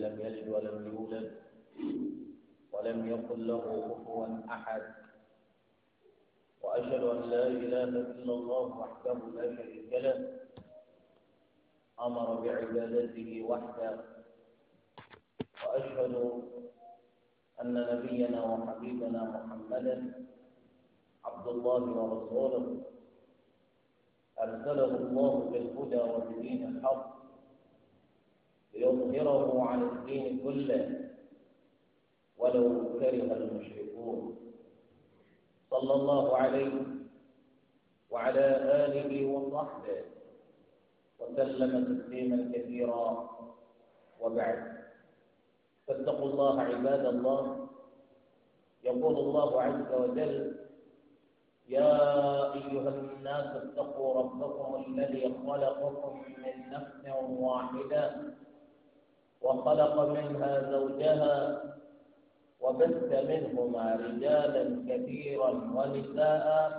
لم يلد ولم يولد ولم يكن له كفوا أحد وأشهد أن لا إله إلا الله وحده لا شريك له أمر بعبادته وحده وأشهد أن نبينا وحبيبنا محمدا عبد الله ورسوله أرسله الله بالهدى ودين الحق ليظهره على الدين كله ولو كره المشركون صلى الله عليه وعلى آله وصحبه وسلم تسليما كثيرا وبعد فاتقوا الله عباد الله يقول الله عز وجل يا أيها الناس اتقوا ربكم الذي خلقكم من نفس واحدة وخلق منها زوجها وبث منهما رجالا كثيرا ونساء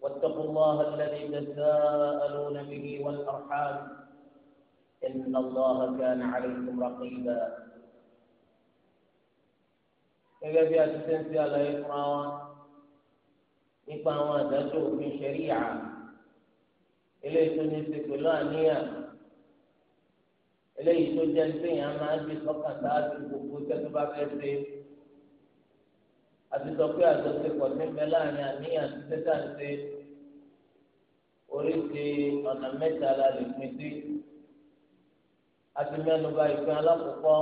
واتقوا الله الذي تساءلون به والأرحام إن الله كان عليكم رقيبا gẹ́gẹ́ bí a ti ṣe ń ṣe àlàyé fúnra wa nípa àwọn àdájọ́ òfin eléyìí tó ní í ṣe pẹ̀lú àníyàn eléyìí tó jẹ́ séèyàn máa ń bí sọ́kàn sáájú gbogbo tẹ́tù bá fẹ́ ṣe àti sọ pé àjọṣepọ̀ ti ń bẹ láàrin àníyàn àti tẹ́tà ń ṣe oríṣi ọ̀nà mẹ́ta la lè pín sí a ti mẹ́nu bà ìpín alákọ̀ọ́kọ́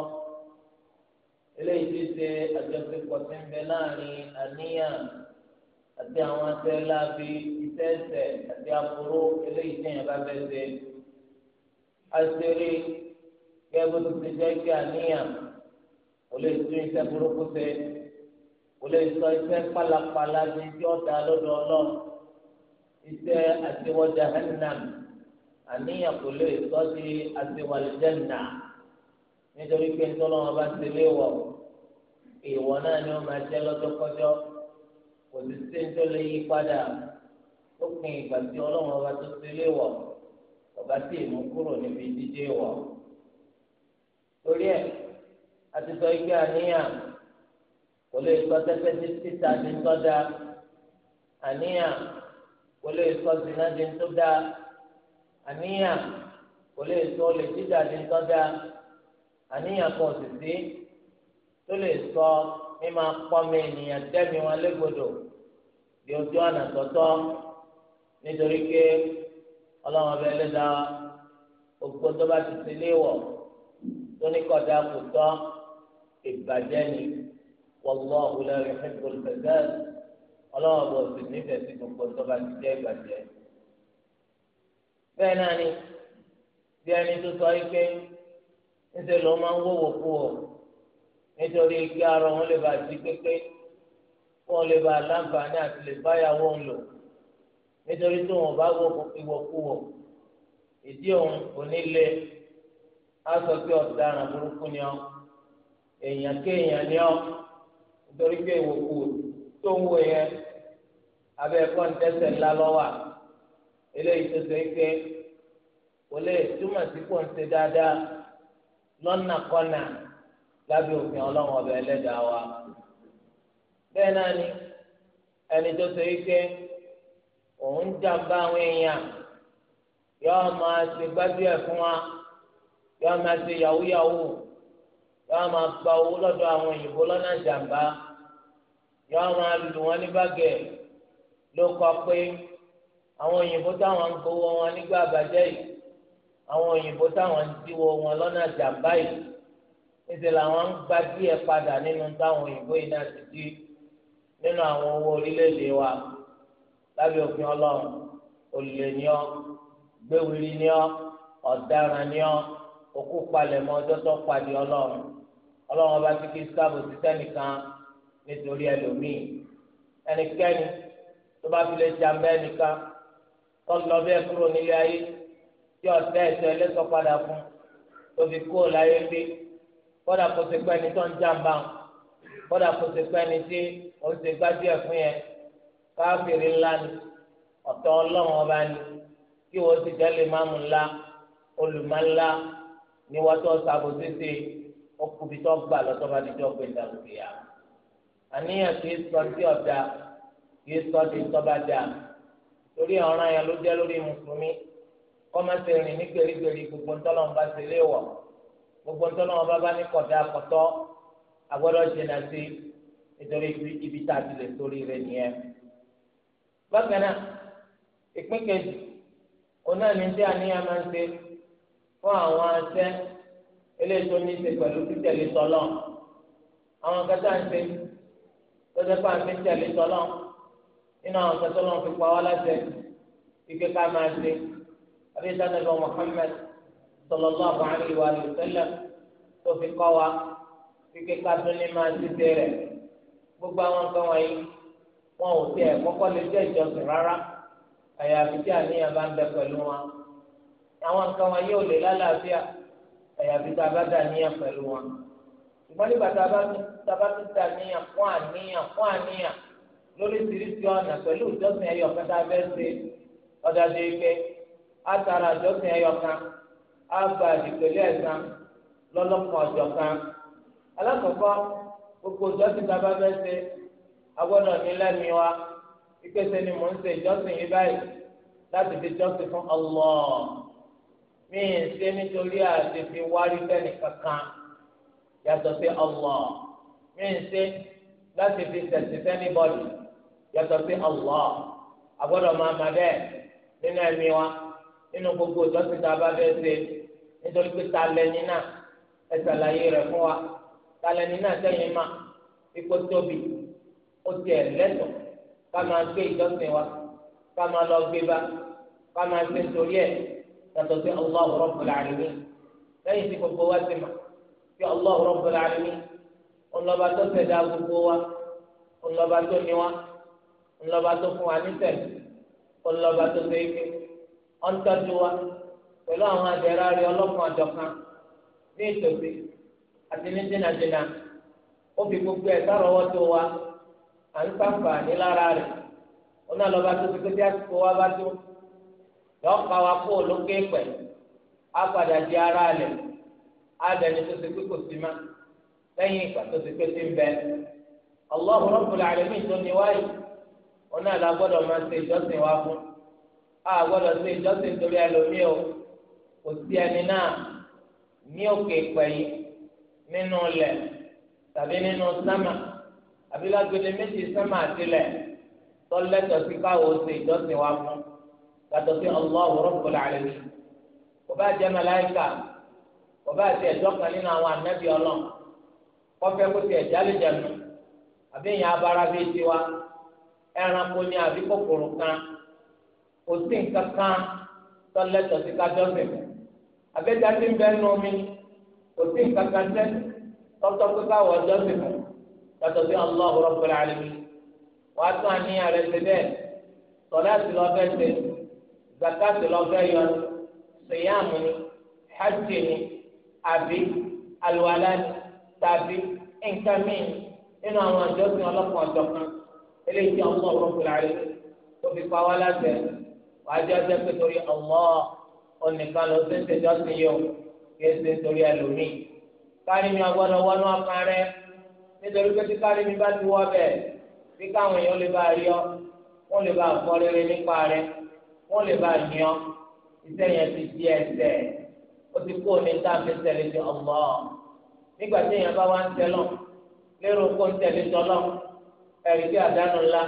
eléyìí ti ṣe àjọṣepọ̀ ti ń bẹ láàrin àníyàn àti àwọn atẹ́lá bíi iṣẹ́ ẹ̀sẹ̀ àti àbúrò eléyìí tẹ̀yìn bá fẹ́ ṣe àṣírí kẹ́ bó ti jẹ́ kí àníyàn kò lè tún iṣẹ́ burúkú ṣe kò lè sọ iṣẹ́ pálapàla ní tí ó da lọ́dọ̀ ọlọ́run iṣẹ́ àtiwọ́ jahannam àníyàn kò lè sọ di àtiwọ́ aljanna nítorí pé ntọ́lọ́wọ́ bá ti léwọ̀ ìwọ náà ni wọ́n máa jẹ́ lọ́jọ́kọ́jọ́ kò sì sí tó lè yí padà ó pin ìgbà tí ọlọ́wọ́ bá tó ti léwọ̀ ọba tí ìmú kúrò níbi jíjẹ́ wọ̀ torí ẹ̀ àti sọ ike àníyàn kò lè sọ tẹ́tẹ́ sí títà ní sọ́dà àníyàn kò lè sọ zina ní sọ́dà àníyàn kò lè sọ olè jíjà ní sọ́dà àníyàn kan sì sí tó lè sọ mímọ pọ́nmi ènìyàn dẹ́mi wọn légbodò bí ojú ọ̀nà tọ́tọ́ nítorí pé ọlọ́run ọbẹ̀ tó bá ti ti léwọ̀ tóníkọ̀dá kò tọ́ ìbàjẹ́ ni wallahu la yuhibbul fasad ọlọ́wọ́ bọ̀ sí nífẹ̀ẹ́ sí gbogbo tọ́ba ti jẹ́ ìbàjẹ́. bẹ́ẹ̀ náà ni bí ẹni tó sọ yìí pé ńṣe ló máa ń wọ́wọ́ kú ọ nítorí kí ara wọn lè bá di pépé wọn lè bá láǹfààní àti lè báyàwó ń lò nítorí tó wọn bá wọ ìwọ̀kú ìdí òun kò ní lé á sọ pé ọ̀daràn burúkú ni ọ èèyàn kéèyàn ni ọ nítorí pé ìwòkù tó ń wò yẹn abẹ́ ẹ̀kọ́ ní tẹ́sẹ̀ ńlá lọ́wọ́ eléyìí tó ṣe é pé kò lè túmọ̀ sí kò ń ṣe dáadáa lọ́nà kọ́nà lábẹ́ òfin ọlọ́run ọbẹ̀ ẹlẹ́dàá wa bẹ́ẹ̀ náà ni ẹni tó ṣe é pé wa. yóò máa ṣe yahoo yahoo yóò máa gba owó lọ́dọ̀ àwọn òyìnbó lọ́nà jàǹbá yóò máa lù wọ́n ní bàgẹ́ ló kọ pé àwọn òyìnbó táwọn ń gbowó wọn nígbà àbàjẹ́ yìí àwọn òyìnbó táwọn ń díwó wọn lọ́nà jàǹbá yìí níṣẹ́ làwọn ń gba díẹ̀ padà nínú táwọn òyìnbó yìí náà ti dí nínú àwọn owó orílẹ̀ wa lábẹ́ òfin ọlọ́run olè ni ọ́ gbéwìrì ni ọ́ ọ̀daràn ni ọ́ òkú palẹ̀ mọ́ ọjọ́ tó padì ọlọ́run ọlọ́run ọba tí kì í sábò sí sẹ́nìkan nítorí ẹlòmíì ẹnikẹ́ni tó bá fi lè jàmbá ẹnìkan tó lọ bẹ́ẹ̀ kúrò nílé ayé tí ọ̀sẹ̀ ẹ̀sẹ̀ ẹlẹ́sọ̀ padà fún tó fi kúrò láyé gbé kódà kó ṣe pẹ́ni tó ń jàmbá kódà kó ṣe pẹ́ni tí ó ń ṣe gbájú ẹ̀ fún yẹn káfíìrì ńlá ni ọ̀tọ̀ ọlọ́run ọba ni kí wọ́n ti jẹ́ lè máàmù ńlá olùmọ̀ ńlá ní wọ́n tó sábò tètè ọkùnrin tó gbà lọ́tọ́ bá ti dọ́gbé dàgbé yá àníyàn kì í sọ sí ọ̀dà kì í sọ sí tọ́ba dà torí ọ̀ràn yẹn ló jẹ́ lórí mùsùlùmí kọ́mọ́sẹ̀ rìn ní gbèrígbèrí gbogbo ńtọ́lọ́ bá ti lé wọ̀ gbogbo ńtọ́lọ́ bá bá ní kọ̀dá kọ̀tọ́ agbọ́dọ̀ jìnnà sí nítorí ibi tá a ti lè sórí rẹ̀ nìyẹn. bákan náà ìpín kejì òun náà ní tí àníyàn máa ń ṣe fún àwọn asẹ́ eléyìí tó ní í ṣe pẹ̀lú títẹ̀lé tọ́lọ́ àwọn kẹta ń ṣe tọ́jú pa àti títẹ̀lé tọ́lọ́ nínú àwọn kẹta lọ́n fi pa wá láṣẹ ike ká máa ṣe àbí sanadọ̀ Muhammad sallallahu alaihi wa sallam tó fi kọ́ wa ike ká tún ní máa ṣe ṣe rẹ̀ gbogbo àwọn nǹkan wọ̀nyí wọn ò tiẹ̀ kọ́kọ́ lè jẹ́ ìjọsìn rárá àyàfi tí àníyàn bá ń bẹ pẹ̀lú wọn àwọn nǹkan wọn yóò lè lálàáfíà àyàfi tá a bá dà níyàn pẹ̀lú wọn ṣùgbọ́n nígbà tá a bá tún dà níyàn fún àníyàn fún àníyàn lóríṣiríṣi ọ̀nà pẹ̀lú ìjọsìn ẹ̀yọ̀kan tá a fẹ́ ṣe ọ̀dàdé ike átara ìjọsìn ẹ̀yọ̀kan á gba ìdìpẹ̀lẹ̀ ẹ̀sán lọ́lọ́kan ọ̀jọ̀kan alákọ̀ọ́kọ́ gbogbo ìjọsìn tá a bá fẹ́ ṣe agbọ́dọ̀ ní lẹ́mi wa ìpèsè ni mò ń ṣe ìjọsìn yìí báyìí láti Allah mí ń ṣe nítorí àṣefi wárí fẹ́ni kankan yàtọ̀ sí Allah mí ń ṣe láti fi tẹ̀sí fẹ́ni bọ́ọ̀lù yàtọ̀ sí Allah àgbọ́dọ̀ máa ma bẹ́ẹ̀ nínú ẹ̀mí wa nínú gbogbo ìtọ́sí tá a bá fẹ́ ṣe nítorí pé ta lẹni náà ẹ ṣàlàyé rẹ̀ fún wa ta lẹni náà sẹ́yìn mà ipò tóbi ó tiẹ̀ lẹ́tọ̀ọ́ ká máa gbé ìtọ́sí wa ká máa lọ gbé bá ká máa ṣe torí ẹ̀. yàtọ̀ sí Allahu Rabbul Alamin lẹ́yìn tí gbogbo wa ti mọ̀ sí Allahu Rabbul Alamin ńlọba tó ṣẹ̀dá gbogbo wa ńlọba tó ní wa ńlọba tó fún wa nítẹ̀ ńlọba tó wa pẹ̀lú àwọn àjọkan ní ìtòsí àti ní dínàdínà ó fi gbogbo ẹ̀ sárọ̀wọ́ tó wa à ń rẹ̀ ó lọ́ba tó ti lọ pa wa kó lókè padà di ara lẹ̀ á tó ti pé kò sí ma lẹ́yìn ìgbà tó ti pé ti ń bẹ tó ní wáyé wọn náà la gbọ́dọ̀ máa ṣe ìjọsìn wa fún a gbọ́dọ̀ ṣe ìjọsìn torí o kò sí ẹni náà ní òkè pẹ̀yì nínú tàbí nínú sámà àbí sámà àti tọ́lẹ́tọ̀ yàtọ̀ sí Allahu Rabbul Alamin kò bá jẹ́ màláíkà kò bá ti ẹ̀dọ́ kan nínú àwọn ànábì ọlọ́n kọfẹ́ kó ti ẹ̀dá lè jẹun àbí ìyẹn abara bíi tiwa ẹranko ni àbí kòkòrò kan kò sí nǹkan kan tọ́lẹ́tọ̀ sí kájọ́sìn àbẹ́jà ti ń bẹ́ẹ̀ nù mí kò sí nǹkan kan tẹ́ tọ́tọ́ pé káwọ́ jọ́sìn yàtọ̀ sí Allahu Rabbul Alamin wàá tún àníyàn rẹ̀ ṣe bẹ́ẹ̀ sọ̀rọ̀ àti lọ́ọ́ zakati lọfẹ yọ siyamu ni hajj ni àbí aluwala tàbí nǹkan míì nínú àwọn àjọsìn ọlọ́kan ọ̀jọ̀kan eléyìí tí ọmọ ọlọ́kùnrin rẹ̀ tó fi pa wá láti ẹ̀ wàá jẹ́ ọjọ́ pé torí ọmọ onìkan ló ti ń tẹ̀jọ́ sí yìí o kì í mi ọgbọ́dọ̀ wọnú ọkàn nítorí pé tí mi bá ti wọ́ bẹ́ẹ̀ bí káwọn èèyàn lè bá rí ọ lè bá àkọ́ rere nípa rẹ̀. wọn lè bá yan iṣẹ́ yẹn ti di ẹsẹ̀ ó ti kó ní káfí tẹ̀lé ti ọ̀gbọ́ nígbà tí èèyàn bá wá ń lérò kó ń bí àdánù ńlá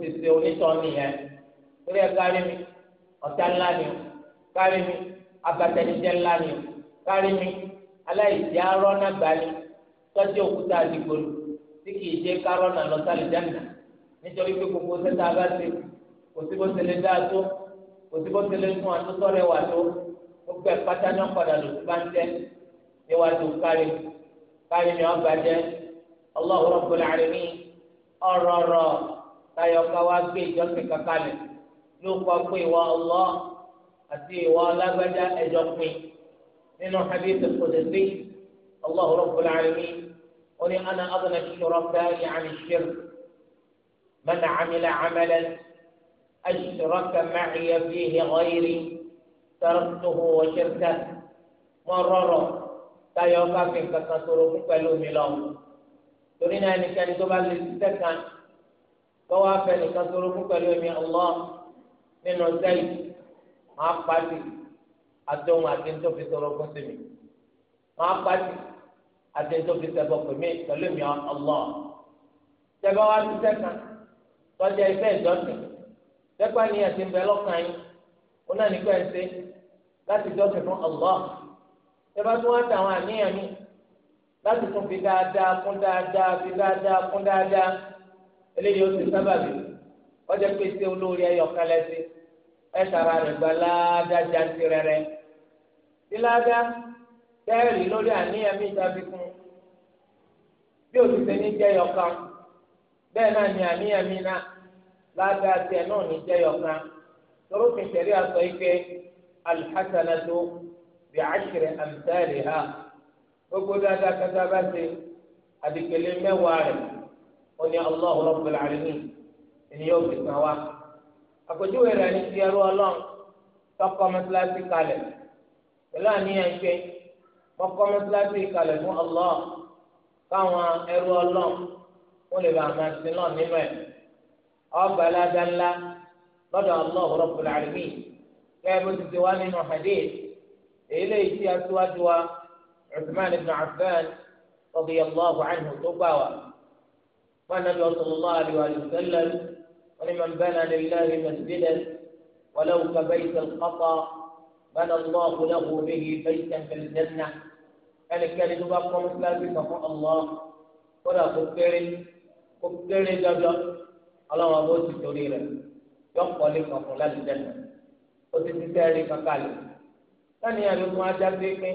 ti ṣe nìyẹn torí ẹ mi ọ̀tá ńlá ni o kárí mi abatẹnijẹ ńlá ni o kárí mi aláìsí arọ́nà gbani tọ́jú òkúta àdìgbò tí kìí òsì bó ṣe lè dá tó òsì bó ṣe lè fún àtúntò rẹ wà tó gbogbo ẹ̀ pátá náà padà lò sí báńtẹ́ níwájú kárí kárí ni wọ́n gbàjẹ́ Allahu Rabbul Alamin ọ̀rọ̀ ọ̀rọ̀ táyọ̀ ká wá gbé ìjọsìn kankanlẹ̀ ló kọ́ pé ìwọ ọlọ́ àti ìwọ ọlágbájá ẹjọ́ pin nínú hadith al-Qudsi Allahu Rabbul Alamin ó ní ana adna ash-shuraka 'an ash-shirk man 'amila 'amalan. أشرك معي فيه غيري تركته وشركه مررا تايوكا في كتنطرق فلو ملام ترين أن كان تبال للسكن توافى لكتنطرق فلو من الله من الزيت ما قاتي أدوم أدين في طرق سمي ما قاتي أدين في سبق مي فلو الله تبوا للسكن تجي فيه دوتك tẹ́gbà ni ẹ̀sìn bẹ lọ́kàn yín ó náà nípa ẹ̀sìn láti jọ́sìn fún Allah tẹ́gbà tí wọ́n tàwọn àníyàn mi láti tún fi dáadáa kún dáadáa fi dáadáa kún dáadáa eléyìí ó ti sábàbí ọjọ́ pé ṣé olórí ẹ̀yọ̀ kan lẹ́sìn ẹ̀ sàrà rẹ̀ gba láàdáa jáde rẹ̀rẹ̀ sí láàdáa tẹ́ẹ̀rì lórí àníyàn mi tàbí kún bí òṣìṣẹ́ ní jẹ́ ẹ̀yọ̀ kan bẹ́ẹ̀ náà ni àníyàn mi náà ládàá tiẹ̀ náà ní jẹ́yọ̀ kan tóró fi tẹ̀lé aṣọ ike alḥasanatu bi ashri amthaliha gbogbo dáadáa kata bá ti àdìgbélé mẹ́wàá rẹ̀ ó ní Allahu Rabbul Alamin ẹni yóò fi kàn wá. àpèjúwe rẹ̀ ní ti ẹrú ọlọ́run tọkọ mẹ́tíláṣí kalẹ̀ pẹ̀lú àníyàn ṣe kọ́kọ́ mẹ́tíláṣí kalẹ̀ fún ọlọ́ọ̀ káwọn ẹrú ọlọ́run wọ́n lè bá àmà sí náà nínú ẹ̀ ọba aládá ńlá lọ́dọ̀ allah rabbul alamin kẹ́ẹ́ bó ti ti wá nínú hadith èyí lè ti aṣíwájú wa Uthman ibn Affan radiyallahu anhu tó gbà wá wọn nàbí sallallahu alaihi wa sallam wọn ni man bana lillahi masjidan walau ka baytal qata bana allah lahu bihi baytan fil jannah ẹnikẹ́ni tó bá kọ́ mọ́sálásí kan fún allah kó dà kó kéré kó kéré dandan ọlọ́wọ́n bó ti torí rẹ̀ yọ kọ́lé kankan láti dẹ́nu ó ti ti sẹ́ẹ̀rí kankan lè sani àlùkò ajá pínpín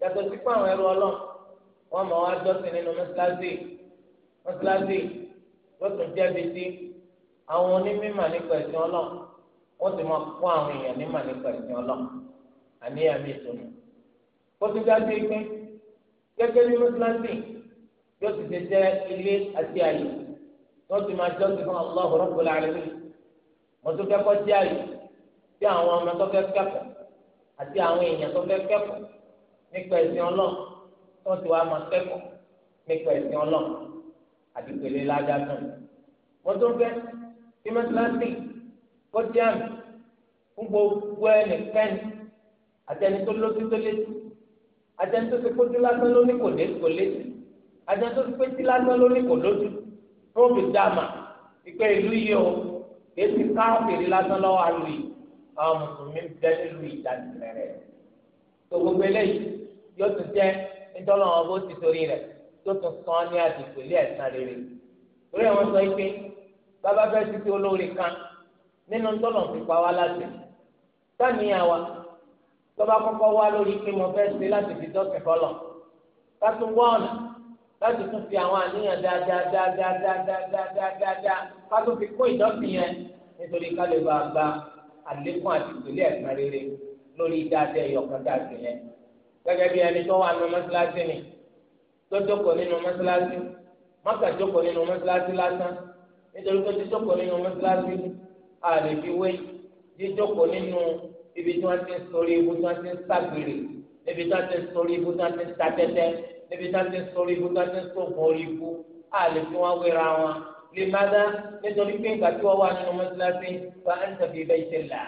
yàtọ̀ sí pé àwọn ẹrú ọlọ́ wọn mọ̀ wá jọ́sìn nínú mọ́sálásì mọ́sálásì lọ́sùn jẹ́bi sí àwọn onímọ̀ nípa ẹ̀sìn ọlọ́ wọ́n ti máa kó àwọn èèyàn nímọ̀ nípa ẹ̀sìn ọlọ́ àníyàn mi tó nù. kó tó dájú pé gẹ́gẹ́ bí mọ́sálásì yóò ti ṣe jẹ́ ilé àti àyè tó ti máa jọ́sìn fún Allahu Rabbul Alamin mo tún fẹ́ kọ́ sí àyè sí àwọn ọmọ tó fẹ́ kẹ́kọ̀ọ́ àti àwọn èèyàn tó fẹ́ kẹ́kọ̀ọ́ nípa ẹ̀sìn ọlọ́run tó ti wá máa kẹ́kọ̀ọ́ nípa ẹ̀sìn ọlọ́run àti pèlè ládàtàn mo tún fẹ́ kí mẹ́tíláṣí kọ́ sí àmì fún gbogbo ẹnìkẹ́ni àtẹni tó lójú tó lé àtẹni tó ti kójú lásán lóní kò lé kò lé àtẹni tó ti péjú lásán lóní kò lójú tóbi dàmà ìpè ìlú yìí o èsì káàkiri lásán lọ́wọ́ àlù yìí àwọn mùsùlùmí ń bẹ nílùú ìdánilẹ̀ rẹ̀ tó gbogbo eléyìí yóò tún jẹ́ nítorí àwọn bó ti torí rẹ̀ tó tún sàn ní àdìgbò ilé ẹ̀sán rere torí àwọn sọ pé bàbá fẹ́ títí olóore kan nínú tọ́lọ̀ fi wá láti sani àwa tó wá lórí pé mo fẹ́ ṣe láti fi dọ́kẹ́ fọlọ̀ ká tún wá ọ̀nà láti tún fi àwọn àníyàn dáadáadáadáadáadáadáa ká tó fi kún ìdọ́sìn yẹn nítorí ká lè bá a gba àlékún àti ìpìlẹ̀ ẹ̀sán rere lórí dáadáa ẹ̀yọ̀kan dáadáa yẹn. gẹ́gẹ́ bí ẹni tó wà nínú mọ́sálásí ni tó jókòó nínú mọ́sálásí mọ́kà jókòó nínú mọ́sálásí lásán nítorí pé jíjókòó nínú mọ́sálásí a lè fi wé jíjókòó nínú ibi tí wọ́n ti ń sori ibu tí wọ́n ti ń sàgbèrè ibi tí wọ́n ti ń sori ibu tí wọ́n ti ń ta níbi tá a ti ń sọ orí ibú tá a ti ń sọ ògùn orí ibú a lè fi wọn wéra wọn lè má dá nítorí pé ìgbà tí wọn wà nínú mọ́sálásí bá ń tẹ̀lé bẹ́ẹ̀ ṣe là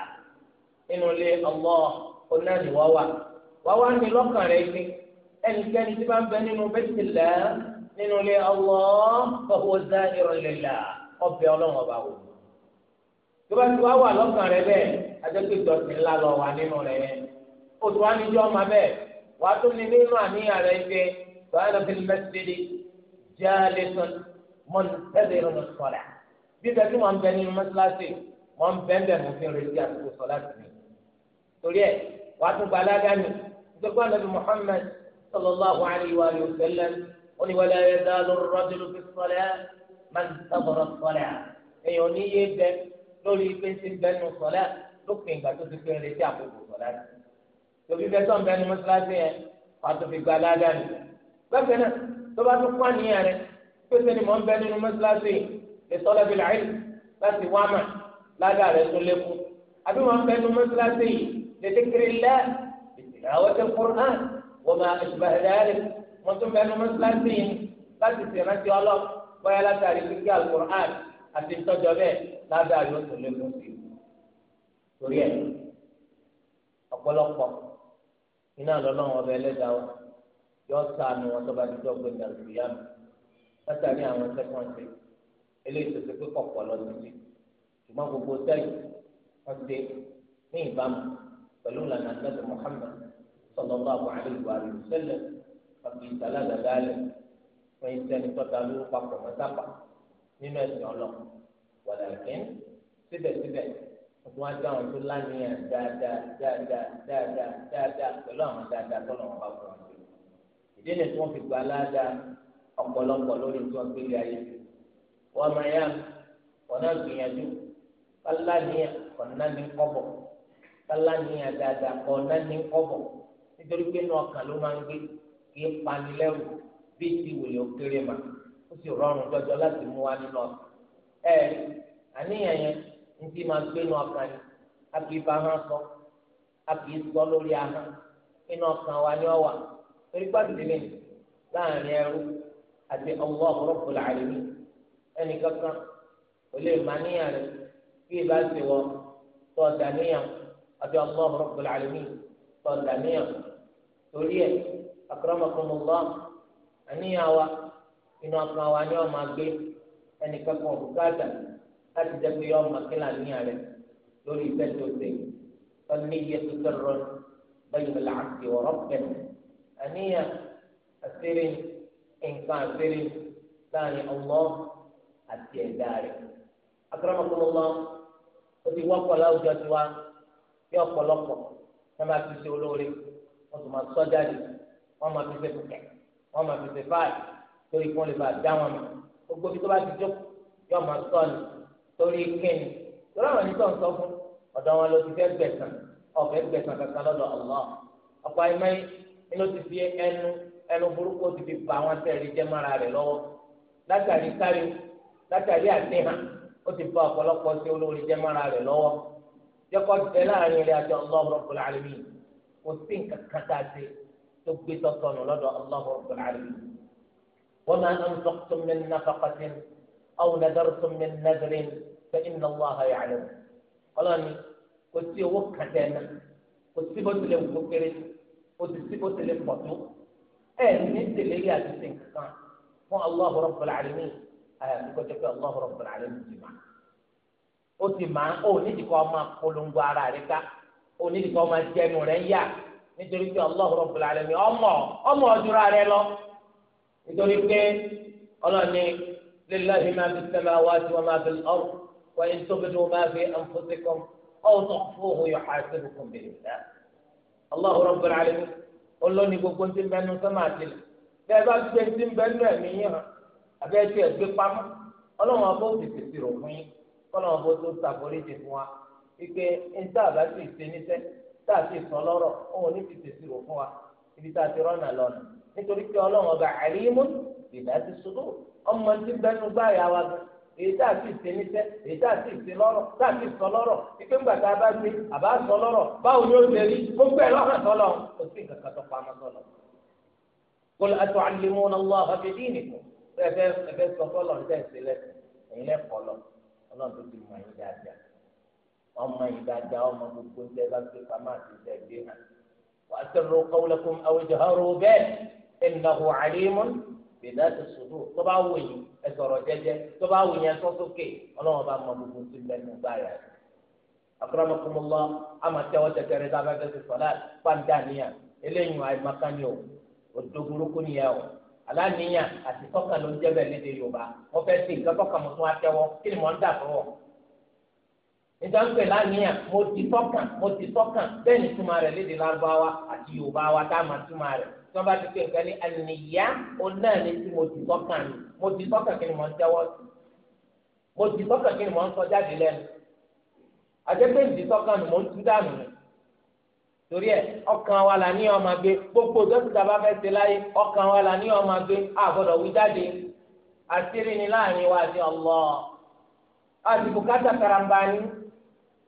nínú ilé ọmọ onáàlì wá wà wá wá ní lọ́kàn rẹ̀ pé ẹnikẹ́ni tí bá ń bẹ nínú bẹ́ẹ̀ ṣe là nínú ilé ọmọ ọ̀hún ọ̀dá ìrọ̀lẹ̀ là ọbẹ̀ ọlọ́run ọba wò tó bá ti wá wà lọ́kàn rẹ̀ bẹ́ẹ̀ adẹ́gbẹ́ ìjọsìn ńlá lọ wà nínú rẹ̀ yẹn oṣù wa níjọ́ ọmọ bẹ́ẹ̀ فأنا في المسجد جالس منتظر الصلاة بيتا كما أم بني المسلسي وأم بندن وفين رجال في صلاة تولي واتو بلاغاني تقول النبي محمد صلى الله عليه وآله وسلم قل ولا يزال الرجل في الصلاة من انتظر الصلاة أيوني أني يبدأ لولي بنسن بنو صلاة لكن قد تفكر رجال في صلاة تولي بيتا أم بني المسلسي واتو في بلاغاني bákan náà tó bá tún kán nìyẹn rẹ pèsè ni mò ń bẹ nínú mọ́sálásí lè sọ́dọ̀ bí láì láti wá mà ládàá rẹ tó lékún àbí mò ń bẹ nínú mọ́sálásí lè dékèrè lẹ́ ìdáwọ́ tẹ kúrán wọ́n máa ṣùgbọ́n ẹ̀dá rẹ mò tún bẹ nínú mọ́sálásí láti ṣèrántí ọlọ́ bọ́yá látàrí kíkí alukur'an àti tọ́jọ́ bẹ́ẹ̀ ládàá rẹ tó lékún sí i torí ẹ̀ ọ̀pọ̀lọpọ̀ iná lọ́lọ́run ọba ẹlẹ́dàá wa yọ sànù wọn tó bá ti dọ́gbé ní àlùfíàmù látàrí àwọn sẹ́kọ̀ǹsì eléyìí tó ti pé kọ̀kọ̀ lọ títí ṣùgbọ́n gbogbo sẹ́yìn wọ́n ti ní ìbámu pẹ̀lú ìlànà àtẹ́tù Muhammad sallallahu alaihi wa sallam àbí ìtàlá dàdálẹ̀ wọ́n yìí sẹ́ni tọ́ta ló papọ̀ mọ́sápà nínú ẹ̀sìn ọlọ́ wàlàkín síbẹ̀síbẹ̀ wọ́n á dáhùn tó lánìyàn dáadáa dáadáa dáadáa dáadáa pẹ̀lú àwọn dáadáa tó lọ́wọ́ bá fún wọn. nínú tí wọ́n fi gbà láàdá ọ̀pọ̀lọpọ̀ lórí tí ya gbélé ayé fi wọ́n máa yá wọn náà gbìyànjú kálá ní ọ̀nà ní kọ́bọ̀ kálá ní àdáadáa ọ̀nà ní kọ́bọ̀ nítorí pé inú ọkàn ló máa ń gbé kí é pani lẹ́rù ti wòlé ó sì rọrùn láti mú wa nínú ọkàn ẹ àníyàn yẹn ń ti máa gbé inú ọkàn a kì í bá hàn sọ a kì í sọ lórí wa erékpàdé lè láàrin ẹrú àti Allah Rabbul Alamin ẹnì kankan kò lè má níyàn rẹ bí ìbá ti wọ tó ọ̀dà níyàn àti Allah Rabbul Alamin tó ọ̀dà níyàn torí ẹ akramakumullah àníyàn wa inú ọkàn wa ni wọn máa gbé ẹnì kankan òkúta láti jẹ pé yọọ máa kílà níyàn rẹ lórí ìfẹ́ tó ṣe wọn ní iye tó tẹ̀rọ bẹ́ẹ̀ ni làásì wọ̀ rọ́pẹ́ni. àníyàn àṣírí nǹkan àṣírí láàrin ati àti ẹ̀dá rẹ̀. akọ́nàmọ́kọ́mọ́ ó ti wọ́pọ̀ láwùjọ tún fi fi torí wọn tó bá ti torí torí àwọn fún ló ti fi ẹnu ẹnu burúkú ti fi pa àwọn sẹ́ẹ̀lì jẹ́ mọ́ra rẹ̀ lọ́wọ́ látàrí kárí látàrí àtìhàn ó ti fa ọ̀pọ̀lọpọ̀ sí olórí jẹ́ mọ́ra rẹ̀ lọ́wọ́ jẹ́kọ́ tẹ láàrin rẹ̀ àti Allah Rabbul Alamin kò sí nǹkan kan tá a ṣe tó gbé tọ́tọ́nù lọ́dọ̀ Allah Rabbul Alamin. wa ma anfaqtum min nafaqatin aw nadartum min nadrin fa inna Allaha ya'lam. ọlọ́ni kò sí owó kàtẹ́ náà kò sí bó tilẹ̀ wù kéré sí ó ti sí bó tẹ̀lé pọ̀ tó ẹ̀ ní tẹ̀lé yà ti sìn kankan fún Allahu Rabbul Alamin àyàfi kọjá pé Allahu Rabbul Alamin ti mà ó ti mà ó nídìí kọ́ máa polongo ara rẹ̀ ká ó nídìí kọ́ máa jẹnu rẹ̀ yá nítorí pé Allahu Rabbul Alamin ọmọ ọmọ ọdúnrà rẹ̀ lọ nítorí pé ọlọ́ni lillahi ma fi samawati wa ma fi al-ard wa in tubdu ma fi anfusikum aw tukhfuhu yuhasibukum bihi Allahu Rabbul Alamin olóni gbogbo ti ń bẹnu sọ́mà àtìlẹ̀ bẹ́ẹ̀ bá gbé ti ń bẹnu ẹ̀mí yín hàn abẹ́ tí ẹ̀ gbé pamọ́ ọlọ́run abọ́ tètè ti rò fún yín kọ́lọ́run abọ́ tó sàbọ̀lẹ́dẹ̀ fún wa wípé ń tá àbá sì ṣe níṣẹ́ tá a sì sọ lọ́rọ̀ òun ní tètè ti rò fún wa ibi tá a ti rọ́nà lọ́nà nítorí pé ọlọ́run ọba àríyìn mú ìdá ti sọ́dọ̀ ọmọ ti bẹnu gbáyà gan èyí tá a sì ṣe níṣẹ́ èyí tá a sì ṣe lọ́rọ̀ tá a sì sọ lọ́rọ̀ ike ń gbàgbà bá gbé àbá sọ lọ́rọ̀ báwo ni ó ṣe rí gbogbo ẹ̀ lọ́rọ̀ sọ́lọ̀ kò sí nǹkan kan tó pa ọmọ sọ́lọ̀. qul atu'allimuna Allaha bi dinikum ẹ̀fẹ́ ẹ̀fẹ́ sọ fọ́lọ̀ ń tẹ̀sí lẹ́sìn ẹ̀yin lẹ́kọ̀ọ́ lọ ọlọ́run tó ti mọ ẹ̀yin dáadáa ọmọ ẹ̀yin dáadáa ọmọ gbogbo ń tẹ́ bá gbé pamọ́ àti ìṣẹ́ gbé hàn wa asirru qawlakum aw ijharu bihi innahu alimun bẹ̀dá ti sùúrù tó bá wù yín ẹ sọ̀rọ̀ jẹ́jẹ́ tó bá wù yín ẹ sọ sókè ọlọ́run bá mọ gbogbo tí lẹ́nu gbà yà. akramakumullah ama tẹ́wọ́ tẹ́tẹ́rẹ́ dábàá tẹ́tẹ́ sọ̀lá pàǹdà níyà eléyìí àìmọ̀kánì o odò burúkú níyà o aláníyà àti tọ́ka ló ń jẹ́ bẹ́ẹ̀ lédè yorùbá wọ́n fẹ́ sí nǹkan tọ́ka mọ̀ kí ni mò ń dà fún ọ níta ń pè lánìyàn mo ti sọ́kàn mo ti sọ́kàn bẹ́ẹ̀ ni túmọ̀ rẹ̀ léde lárúbáwá àti yorùbá wa tá a máa túmọ̀ rẹ̀ tí wọ́n bá ti pè nǹkan ní àníyá ó náà ní tí mo ti sọ́kàn ni mo ti sọ́kàn kí ni mò ń tẹ́wọ́ sí mo ti sọ́kàn kí ni mò ń sọ jáde lẹ́nu àjẹpẹ́ ìdí sọ́kàn ni mò ń tú dànù ni torí ẹ ọkàn wa là ní ọmọ gbé gbogbo dókítà bá fẹ́ ṣe láyé ọkàn wa là ní ọmọ gbé àgbọ̀dọ̀ wí jáde àṣírí ni láàrin wa àti Allah àti bùkátà karambani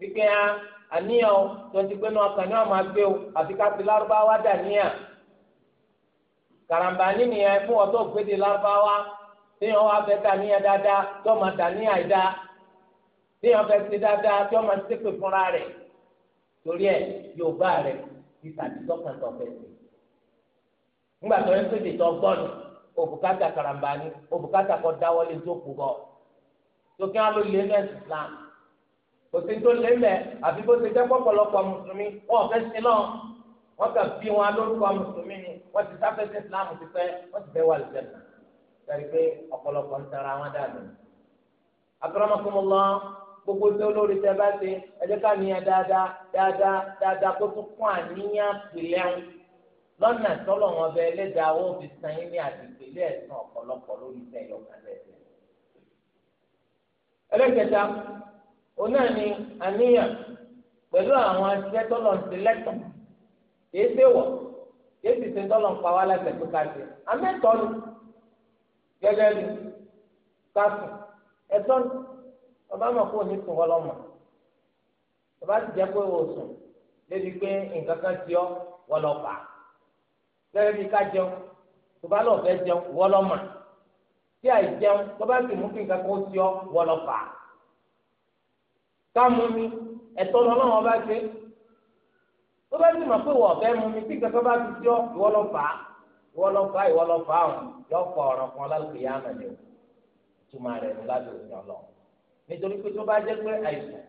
wípé á ah, àníyàn o tó ti gbénu ọkàn ní ọmọ agbé o àti káfí lárúbáwá dà níyà karamba nínìyẹn fún ọtọ gbéde lárúbáwá téèyàn wá fẹ́ dà níyà dáadáa tó máa dà níyà yìí dáa téèyàn fẹ́ ṣe dáadáa tó máa ṣépè fúnra rẹ̀ torí ẹ̀ yóò bá rẹ̀ ìsàtìsọ́kàn tó fẹ́ sí ńgbà tó ń pèsè tó gbọ́nù òbúkátà karamba òbúkátà kọ́ dáwọ́lé tó kù bọ́ tó kí wọ́n lò lé ní ẹ̀sìn Islam kò sí tó lé lẹ̀ àfi bó ti jẹ́ pọ̀pọ̀lọpọ̀ mùsùlùmí wọn ò fẹ́ sin náà wọ́n kà bí wọn lórúkọ mùsùlùmí ni wọ́n ti sáfẹ́ sí islam ti pẹ́ wọ́n ti fẹ́ wà lùjẹ́ nà sẹ́ni pé ọ̀pọ̀lọpọ̀ ń tara wọn dànù. akọ́nàmọ́kọ́mọ́lọ́ gbogbo tí olórí tẹ bá ṣe ẹ jẹ́ ká níyàn dáadáa dáadáa dáadáa kó tún kún àníyàn pìlẹ́hùn lọ́nà tọ́lọ̀ wọn bẹ ẹlẹ́dàá wọn fi san yín ní àdìgbò ilé ẹ̀sán ọ̀pọ̀lọpọ̀ lórí tẹ̀ yọkàn onáà ni àníyàn pẹ̀lú àwọn aṣiṣẹ́ tọ́lọ̀ ń tilẹ̀tọ̀ kìí ṣe wọ̀ kìí sì ṣe tọ́lọ̀ pa wá láti ẹ̀kú ká ṣe amẹ́tọ́ ni gẹ́gẹ́ ni ká sùn ẹ̀tọ́ ni ọba mọ̀ kó o ní sùn ọlọ́mọ ọba ti jẹ́ pé o sùn débi pé nǹkan kan ti ọ́ wọlọ́pàá gẹ́gẹ́ bí ká jẹun tó bá lọ́ọ̀ fẹ́ jẹun wọlọ́mọ tí àìjẹun tó bá sì mú kí nǹkan kan ti ọ́ wọlọ́pàá kámú mi ẹ̀tọ́ lọ́wọ́ wọn bá ṣe tó bá ti mọ̀ pé wọ́n ọ̀fẹ́ mú mi tí kẹ́kẹ́ bá ti jọ́ ìwọ lọ fà á ìwọ lọ fà á ìwọ lọ fà á wọn yọ kọ ọ̀rọ̀ kan lálùkù yá àmàlẹ́ o ìtumọ̀ rẹ̀ ní lábẹ́ òfin ọlọ́run nítorí pé tó bá jẹ́ pé àìsàn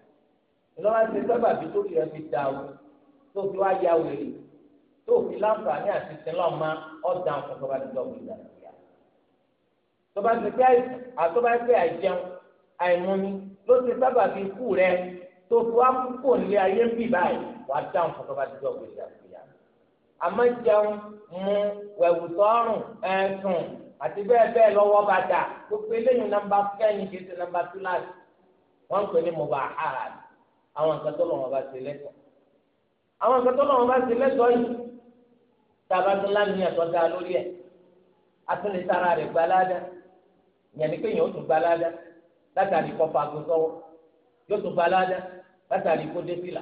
ìlọ́wọ́ ti sábà bí tó fi rẹ̀ fi da o tó fi wá ya wèrè tó fi láǹfààní àti sinlọ́ọ̀mà ọ̀dà nǹkan tó bá ti jọ́ òfin tó bá ti pé àìsàn àtọ́bá ti pé àìjẹun àìmúni ló ti sábà fi kú rẹ tó fi wá kúkò nílé ayé ń bì báyìí wà á dáhùn fún tọ́ba dídọ́ ògbé ìdàgbéyà àmọ́ jẹun mu wẹ̀wù sọ́rùn ẹ̀sùn àti bẹ́ẹ̀ bẹ́ẹ̀ lọ́wọ́ bàtà gbogbo eléyìí nàmbà fẹ́ẹ̀ni kì í ṣe nàmbà túláàsì wọ́n ń pè ní mubahad àwọn nǹkan tó lọ́wọ́ bá ṣe lẹ́tọ̀ọ́ àwọn nǹkan tó lọ́wọ́ bá ṣe lẹ́tọ̀ọ́ yìí tá a bá tún tó dáa lórí ẹ̀ a tún lè tara rẹ̀ gbalada yẹn ni pé yẹn ó tún gbalada látàrí kọfà agbésọwọ yóò tún gba aláàdá látàrí kó dé sílà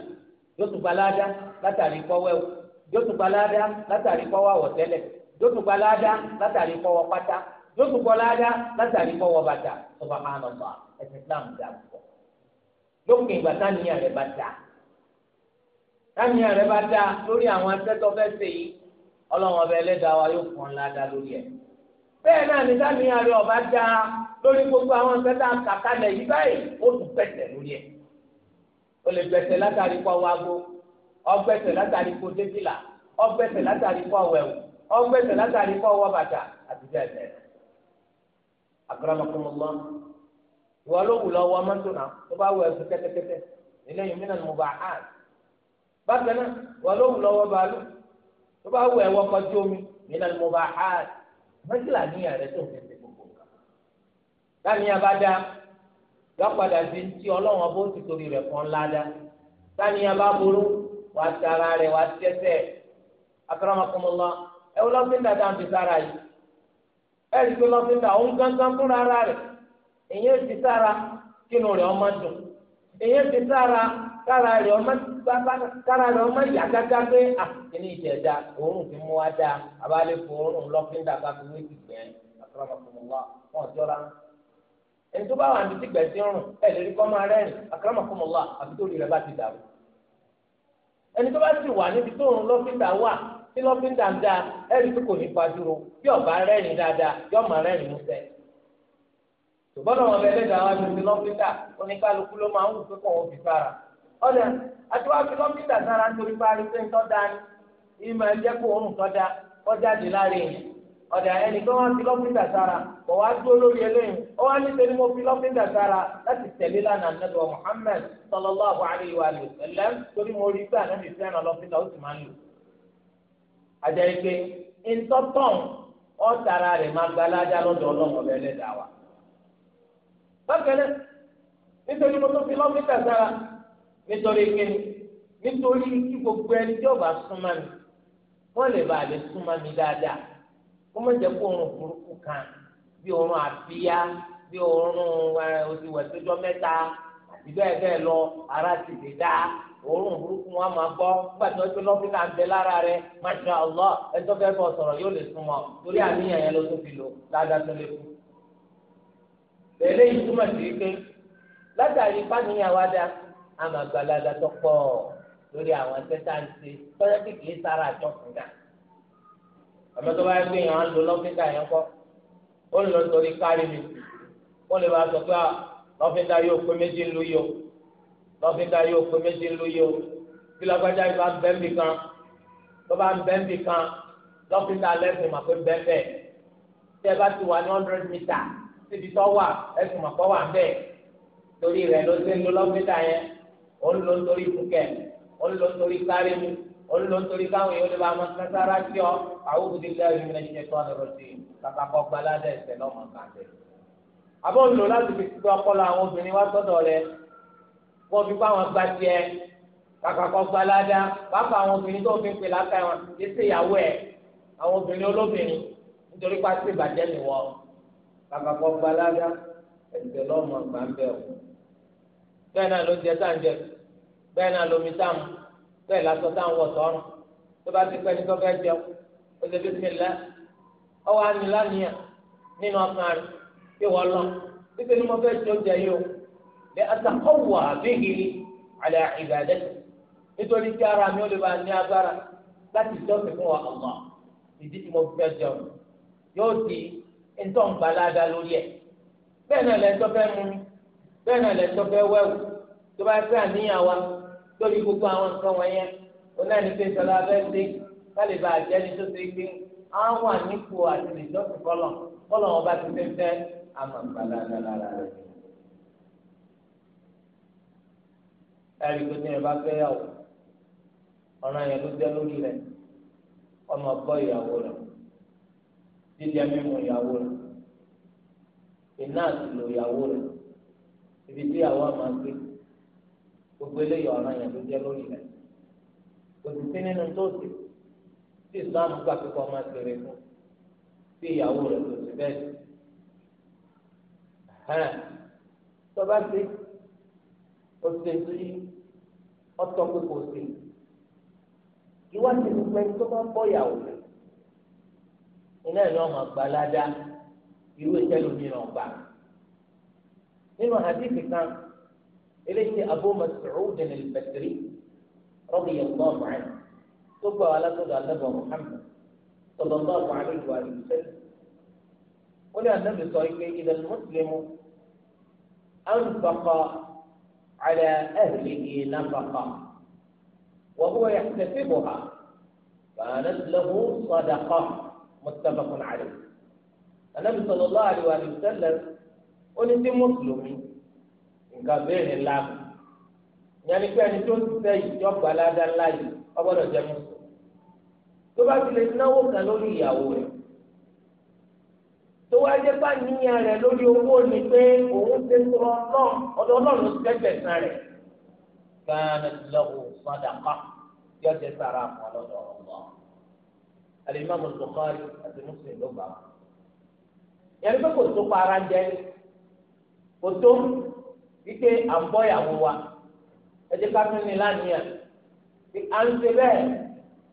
yóò tún gba aláàdá látàrí kọ wẹwù yóò tún gba aláàdá látàrí kọ wà wọtẹlẹ yóò tún gba aláàdá látàrí kọ wọ pátá yóò tún gba aláàdá látàrí kọ wọ bàtà ọba ànàmọ ẹsẹ islam dà pọ lókè ìgbà táníyà rẹ bá dà táníyà rẹ bá dà lórí àwọn atẹ́tọ́ fẹ́ sèyí ọlọ́wọ́n ọba ẹlẹ́dàá wa yóò fún ọ ńlá lórí ẹ̀ bẹ́ẹ̀ náà ní sáà ní ààrẹ ọba já lórí gbogbo àwọn nǹkan tá a kà kalẹ̀ yí báyìí ó tún pẹ̀sẹ̀ lórí ẹ̀ o lè pẹ̀sẹ̀ látàrí kọ́ wago ọgbẹ̀sẹ̀ látàrí kọ́ débìlà ọgbẹ̀sẹ̀ látàrí kọ́ wẹ̀wù ọgbẹ̀sẹ̀ látàrí kọ́ wọ bàtà àti bẹ́ẹ̀ bẹ́ẹ̀ akramakumullah ìwọ ló wù lọ mọ́tò náà tó bá wọ ẹ̀sùn kẹ́tẹ́kẹ́tẹ́ eléyìí mìíràn mo bá a mo bá a mọ́sílà níyà rẹ tó fi ṣe gbogbo nǹkan. sáníyà bá dá lọ́padà sí tí ọlọ́run ọbọ̀ ti torí rẹ̀ kan ládá sáníyà bá burú wà á tara rẹ̀ wà á tẹ́tẹ́ akọ́nàmọ́kọ́mọ́lá ẹ wọ́n lọ́fíńdà tá ń fi sára yìí ẹ rí i pé òun gángan fúnra ara rẹ̀ èyí ti sára kínú rẹ̀ ọmọ dùn èyí ti sára kára rẹ̀ ọmọ kára rẹ̀ ọmọ yà gágá pé à kíní ìjẹ̀dá òórùn fi mú wa dáa àbálẹ̀ fún òórùn lọ́fíńdà bá fi wé tìgbẹ́ àkàràmọ̀kùnmọ̀wá wọn jọra ẹni tó bá wà ní tìgbẹ́ sí ọrùn ẹ̀ lórí kọ́ máa rẹ́rìn àkàràmọ̀kùnmọ̀wá àbí tó rí rẹ̀ bá ti dàrú ẹni tó bá sì wà níbi tó òórùn lọ́fíńdà wà tí lọ́fíńdà ń dáa ẹ̀ rí tó kò ní fajúro bí ọ̀bá rẹ́rìn dáadáa yọ ṣùgbọ́n lọ́fíńdà oníkálukú ló máa ń wù pé kò wọ́n fi fara Ọ àtiwájú dókítà sára nítorí parí pé ńtọ́ da ni ìmọ̀ ẹ̀jẹ̀ kó òun tọ́ da kọjá di láre yìí ọ̀dà ẹni tó wọ́n fi dókítà sára kò wá dúró lórí eléyìí ó wá ní sẹ́ni mo fi sára láti tẹ̀lé lánàá Muhammad sallallahu alayhi wa ala torí mo rí gbà náà fẹ́ràn ó sì rẹ̀ máa gba lọ́dọ̀ ọlọ́mọ lẹ́dàá nítorí kíni nítorí kí gbogbo ẹni tí ọba súnmọ́ mi wọ́n lè bá a lè súnmọ́ mi dáadáa kó má jẹ́ kó oorun burúkú kan bí oorun àbíyá bí oorun òdiwọ̀n tójọ́ mẹ́ta àti bẹ́ẹ̀ bẹ́ẹ̀ lọ ara ti lè dá oorun burúkú wọn máa gbọ́ nígbà tí wọ́n ti lọ́ fún àǹtẹ̀ lára rẹ masha allah ẹjọ́ fẹ́ bọ̀ sọ̀rọ̀ yóò lè súnmọ́ torí àníyàn yẹn ló tún fi lò dáadáa tó lè kú. bẹ́ẹ̀ lẹ́yìn túmọ̀ sí pé látàrí bá níyàwó adá Ama máa gba ládàá tó pọ̀ lórí àwọn tẹ́tà ń ṣe tọ́jà tí kìí sára àjọkùn náà àmọ́ tó bá yẹ pé èèyàn á lo lọ́fíńdà yẹn kọ́ ó lọ nítorí kárí mi ó lè wá sọ pé ah, lọ́fíńdà yóò pé méjì ń lu yìí o lọ́fíńdà yóò pé méjì ń lu yìí o bí lọ́gbàjà yìí bá ń bẹ́ kan tó bá ń bẹ́ kan lọ́fíńdà lẹ́sìn mà pé bẹ́ẹ̀ bẹ́ẹ̀ tí ẹ bá ti wà ní hundred meter síbi tó wà ẹ̀sìn mà pọ̀ wà bẹ́ẹ̀ torí rẹ̀ ló ti ń lo lọ́fíńdà yẹn ó ń lọ nítorí fúkẹ́ ó ń lọ nítorí sáré mu ó ń lọ nítorí káwọn èèyàn lè bá ọmọ sására sí ọ àwọn òbí lè rí ilé ṣe tó ọ̀nà sí kàkà kọ́ gbaládẹ́ ẹ̀sẹ̀ lọ́mọ kàdé. àbọ̀ ń lò láti fi gbé ọpọlọ àwọn obìnrin wá sọ́dọ̀ rẹ wọ́n fi fáwọn gba tiẹ̀ kàkà kọ́ gbaládá pàápàá àwọn obìnrin tó fi ń pè láta wọn kì í ṣèyàwó ẹ̀ àwọn obìnrin olóbìnrin nítorí pàṣẹ ìbàjẹ́ nìwọ kàkà kọ́ gbaládá ẹ̀sẹ̀ lọ́mọ gbàǹbẹ̀ bẹ́ẹ̀ náà ló ń jẹ táà ń jẹ bẹ́ẹ̀ náà lomi táà mu bẹ́ẹ̀ lásọ táà ń wọ̀ sọ́run tó bá ti pẹ́ ní tọ́fẹ́ jẹun ó ṣe bísímìlá ọwọ́ àmì lánìyàn nínú ọkàn rẹ̀ pé wọ́n lọ wípé ní mo fẹ́ jẹ oúnjẹ yìí o lẹ́ àtàkọ́wọ̀ àbíhìrì àlẹ́ ìbàdẹ́ nítorí tí ara mi ò lè bá ní agbára láti jọ́sìn fún wa ọ̀gbọ́n ìdí tí mo fẹ́ jẹun yóò di ntọ́ǹgbàládá lórí ẹ̀ bẹ́ẹ̀ náà lẹ́ńtọ́ bẹ́ẹ̀ náà lẹ́tọ́ fẹ́ wẹ́wù tó bá fẹ́ àníyàn wa lórí gbogbo àwọn nǹkan wọ̀nyẹn onáni pé sọlá bẹ́ ṣe kálí bá àjẹ́ ni tó ṣe gbé àwọn àníkù àti ìjọsìn kọ́lọ̀ kọ́lọ̀ wọn bá ti fẹ́ fẹ́ àmàgbà dáadáa rẹ̀. ẹ̀rí pé tí ẹ bá fẹ́ yàwó ọ̀ràn yẹn ló jẹ́ lórí rẹ̀ ọmọ bọ́ ìyàwó rẹ̀ jíjẹ mímu ìyàwó rẹ̀ iná àti lò ìyàwó rẹ̀ ibi tí àwọn àmà gbé gbogbo eléyìí ọ̀ràn yẹn ló jẹ́ lórí rẹ̀ kò sì sí nínú tó sì tí islam gbà pípọ̀ máa tẹ̀lé fún tí ìyàwó rẹ̀ kò sí bẹ́ẹ̀ hàn tọ́ba sí òsè tó yí ọtọ́ pé kò sí ìwádìí gbogbo ẹni tó bá bọ́ ìyàwó rẹ̀ iná ẹ̀ ní ọmọ àgbàlá irú ìtẹ́lómi náà gbà. نينو حديث كان إليه أبو مسعود البدري رضي الله عنه تبقى على صدى النبي محمد صلى الله عليه وآله وسلم ولي نبي صلى إذا المسلم أنفق على أهله نفقة وهو يحتسبها كانت له صدقة متفق عليه النبي صلى الله عليه وآله وسلم ó ní sí mùsùlùmí nǹkan béèrè láàmú ìyẹn ni pé ẹni tó ń ṣiṣẹ́ yìí yọ gba aládá ńlá yìí ó gbọ́dọ̀ jẹ́ mùsùlùmí tó bá ti lè náwó kan lórí ìyàwó rẹ̀ tó wá jẹ́ bá níyàn rẹ̀ lórí owó ni pé òun ti sọ̀rọ̀ náà ọ̀dọ̀ ọlọ́run kẹ́kẹ̀ sán rẹ̀ gánà lọ́wọ́ sọ́dàkọ́ yóò jẹ́ sára fún ọlọ́dọ̀ ọ̀gbọ́n alimami Bukhari àti Muslim ló gbà wọn. yẹn ni pé kò tó para jẹ́ kò tó wípé à ń bọ́ ìyàwó wa ẹ jẹ́ ká tún ní lánìyàn tí à ń ṣe bẹ́ẹ̀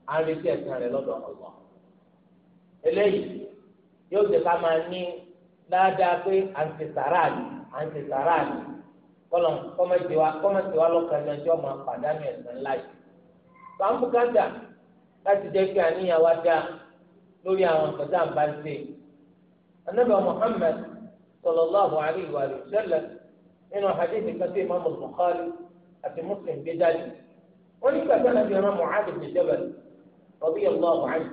à ń retí ẹ̀sìn rẹ̀ lọ́dọ̀ ọ̀gbọ̀n eléyìí yóò jẹ́ ká máa ní dáadáa pé à ń ṣe sàrà àlè à ń ṣe sàrà àlè kọ́lọ̀ kọ́mẹ́tìwá kọ́mẹ́tìwá lọ́kàn ní ọjọ́ máa pàdánù ẹ̀sìn ńlá yìí bàǹkùkàtà láti jẹ́ kí àníyàn wa dáa lórí àwọn nǹkan tá à ń Muhammad صلى الله عليه وآله وسلم إنه حديث كثير إمام البخاري في مسلم بذلك ولك كان الإمام معاذ بن جبل رضي الله عنه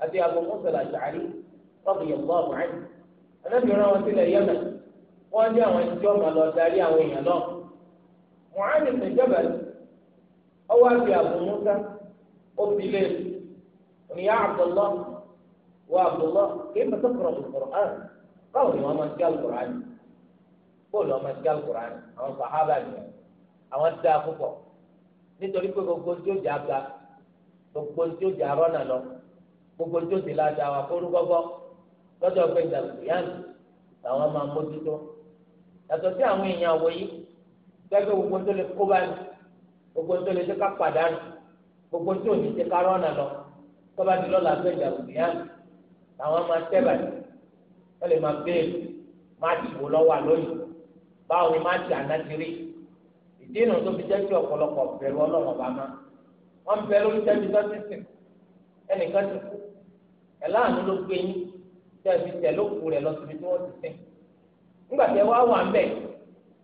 أبي أبو موسى الأشعري رضي الله عنه في روى إلى اليمن وأن وإنجوم الله وإن الله معاذ بن جبل أو أبي أبو موسى أبي ليل يا عبد الله وعبد الله كيف تقرأ القرآن؟ báwo ni wọ́n máa ti alukur'an bóòlù wọ́n máa ti alukur'an àwọn sàhábà nìyẹn àwọn dá púpọ̀ nítorí pé gbogbo tí ó jà gba gbogbo tí ó jà rọ́nà lọ gbogbo tí ó ti lájà wà fórú gbọ́gbọ́ lọ́jọ́ pé ìdàgbìyànjú làwọn máa mójútó yàtọ̀ sí àwọn èèyàn wọ̀nyí gbẹ́gbẹ́ gbogbo tó lè kó báyìí gbogbo tó lè déka pàdánù gbogbo tó ní déka rọ́nà lọ tọ́ba ti lọ́la pé ìdàgbìyànjú làwọn máa tẹ́ báyìí wọ́n lè máa béèrè máàtì wo lọ́wọ́ àlóyìn báwo ni máàtì ànájírí ìdí ìnà tó fi jẹ́ kí ọ̀pọ̀lọpọ̀ bẹ̀rù ọlọ́run ọba má wọ́n bẹ lórí tẹ́bi lọ́sísì ẹnìkan ti kú ẹ̀ láàánú ló gbé yín tẹ́bi tẹ̀ ló kú rẹ̀ lọ́sibí tí wọ́n ti sìn nígbà tẹ wá wà ń bẹ̀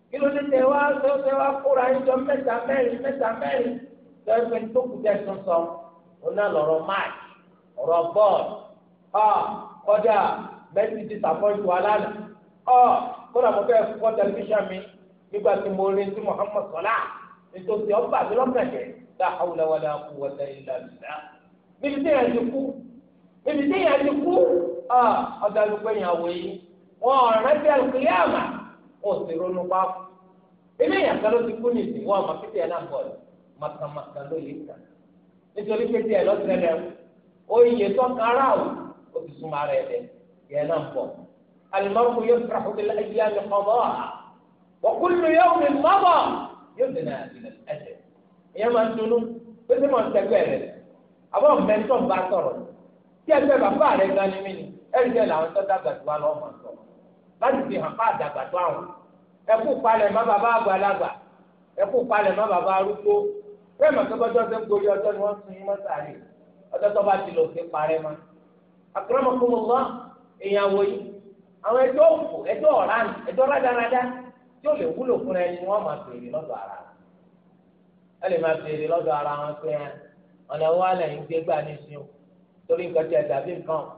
kí ló dé tẹ wá tẹ wá kóra ẹjọ́ mẹ́ta mẹ́rin mẹ́ta mẹ́rin tẹ́bi tó kù tẹ́ sọ̀sọ̀ ọ̀nà lọ̀rọ̀ máàtì ọ̀rọ̀ bọ́ọ̀lù kọjá bẹ́ẹ̀ni ti sàpọ́jù wa lánàá ọ kódà mo fẹ́ fọ́ tẹlifíṣàn mi nígbà tí mo rí sí Muhammad sọlá nítorí ọba mi lọ́kàn jẹ́ la hawla wala quwwata illa billah níbi tí yẹn ti kú níbi tí yẹn ti kú ọ ọ̀dà ló pé yẹn àwọ̀ yìí wọn ò rántí àlùkìyàmà ò sì ronú pa ilé yẹn kan ló ti kú nìyí wọn àmọ́ pété yẹn náà bọ̀ màkàmàkà ló yẹ kàn nítorí pété yẹn lọ́sẹ̀ rẹ̀ oyè tó kan ráàlú ó ti súnmọ́ ara ẹ̀ lẹ́yìn yẹn náà pọ̀ alimọ́rùkù yóò fura fún ilé ayé àmì kọ́bọ́ wà kúlù yóò mi mọ́bọ̀ yóò dènà àdìlẹ̀ ẹ̀jẹ̀ ìyẹn máa ń dunú pé sẹ́mi ọ̀n tẹ́gbẹ́ rẹ̀ àbọ̀ mẹ́tọ̀ bá sọ̀rọ̀ tí ẹgbẹ́ bàbá rẹ̀ gan ni mí ni ẹ̀rí jẹ́ làwọn tó dàgbà tó wà lọ́wọ́ máa sọ̀rọ̀ láti fi hàn fún àdàgbà tó àwọn ẹkú palẹ̀ má bàbá àgbàlagbà ẹkú palẹ̀ má bàbá arúgbó bẹ́ẹ̀ mọ̀ pé bọ́jọ́ ṣe ń gorí ọjọ́ ni wọ́n sun mọ́sàárì ọjọ́ tó bá ti lò sí parẹ́ mọ́ àkùrọ̀mọ́kùnmọ́ ìyàwó yìí àwọn ẹjọ́ òkú ẹjọ́ ọ̀ràn ẹjọ́ rádaràdá tí ó lè wúlò fún ẹni wọ́n máa béèrè lọ́dọ̀ ara ẹ lè máa béèrè lọ́dọ̀ ara wọn pé ọ̀nà wa lẹ́yìn gbé gbà ní sí o torí nǹkan tí a dàbí nǹkan o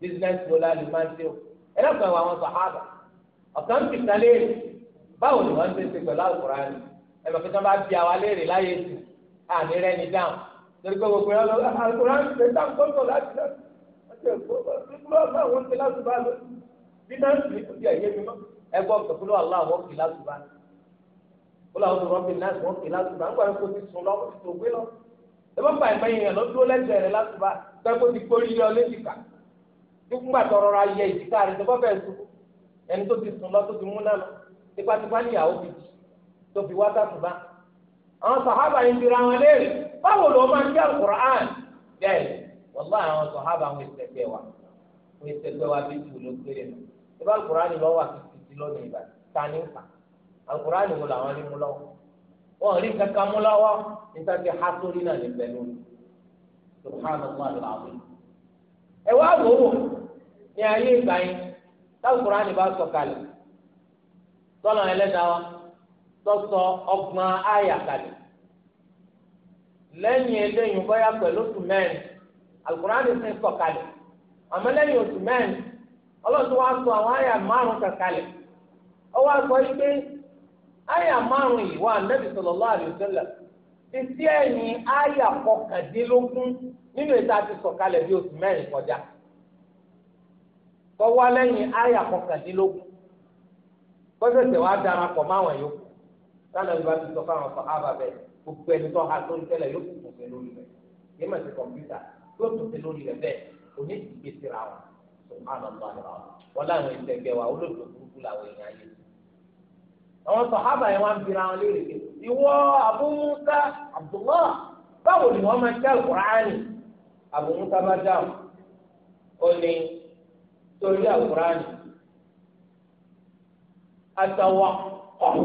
bísíǹnẹ́sì wo la lè máa ṣe o ẹ lọ́kàn àwọn sàhábà ọ̀kan ti ta léèrè báwo ni wọ́n ti ṣe pẹ̀lú àkùránì ẹ lọ́kàn tó bá bí àwa léèrè láyé sí àní rẹ́ni dáhùn torí pé gbogbo ẹ lọ́ àwọn kíláàsì bá lọ nínú ìlú kùtì ẹ̀yẹ mi mọ́ ẹgbọ́ kẹ̀kúrú aláwọ̀ kíláàsì bá kó làwọn sọ̀rọ̀ bí náà wọ́n kíláàsì bá nígbà tó ti sùn lọ́wọ́ tó gbé lọ. ẹgbẹ́ bá ìmọ̀ yẹn lọ dúró lẹ́sẹ̀ rẹ̀ láti bá pẹ́ kó ti kórí ilé ọlẹ́dìkà nígbà tọrọ ra yẹ ìdíkà rẹ̀ tó bá bẹ̀ sùn ẹni tó ti sùn lọ tó ti mú náà lọ tipátipá níyàwó fi tó fi wá sàtúbà àwọn sàhábà yìí ń dira wọn léèrè báwo ló máa ń jẹ́ àkùrán bẹ́ẹ̀ wàlúwà àwọn sọ̀hábà àwọn ìsẹ̀gbẹ́ wa àwọn ìsẹ̀gbẹ́ wa bí ju ló kéré nù ìbá alukurani lọ wà títí lónìí ìbá tani nǹkan alukurani wo làwọn rí mú lọ́wọ́ wọn rí kankan mú lọ́wọ́ níta ti ha sórí náà ní pẹ̀lú subhanallah alaahu ẹ wá wò wò ní ayé ìgbà yẹn táwùkùránì bá sọ kalẹ̀ tọ́lọ̀ ẹlẹ́dàá wa tọ́sọ ọgbọ̀n ayà kalẹ̀ lẹ́yìn eléyìí bọ́yá pẹ̀lú oṣù alukurani fún ẹsọ kalẹ̀ àmọ́ lẹ́yìn oṣù mẹ́rin ọlọ́run wa wá sọ àwọn àyà márùn kankalẹ̀ ó wá sọ àyà márùn yìí wà nẹ́bí sallallahu alaihi wasallam ti àyà kọkàndínlógún nínú ètò àti sọ̀kalẹ̀ bí oṣù kọjá àyà kọkàndínlógún máwọn yòókù ti sọ sọ gbogbo ẹni tó ha tó ń ti yóò tún sí lórí rẹ bẹ́ẹ̀ òní ti gbé síra wọn sùnmọ́nà ọ̀gbọ́n rẹ wọn láwọn ẹsẹ̀ ẹgbẹ́ wa olóògbé burúkú làwọn èèyàn ayé àwọn sọ̀hábà yẹn wá ń bira wọn léèrè pé ìwọ Abu Musa Abdullah báwo ni wọ́n máa ń dá Al-Qur'ani bá dáhùn ó ní torí Al-Qur'ani atawaqqahu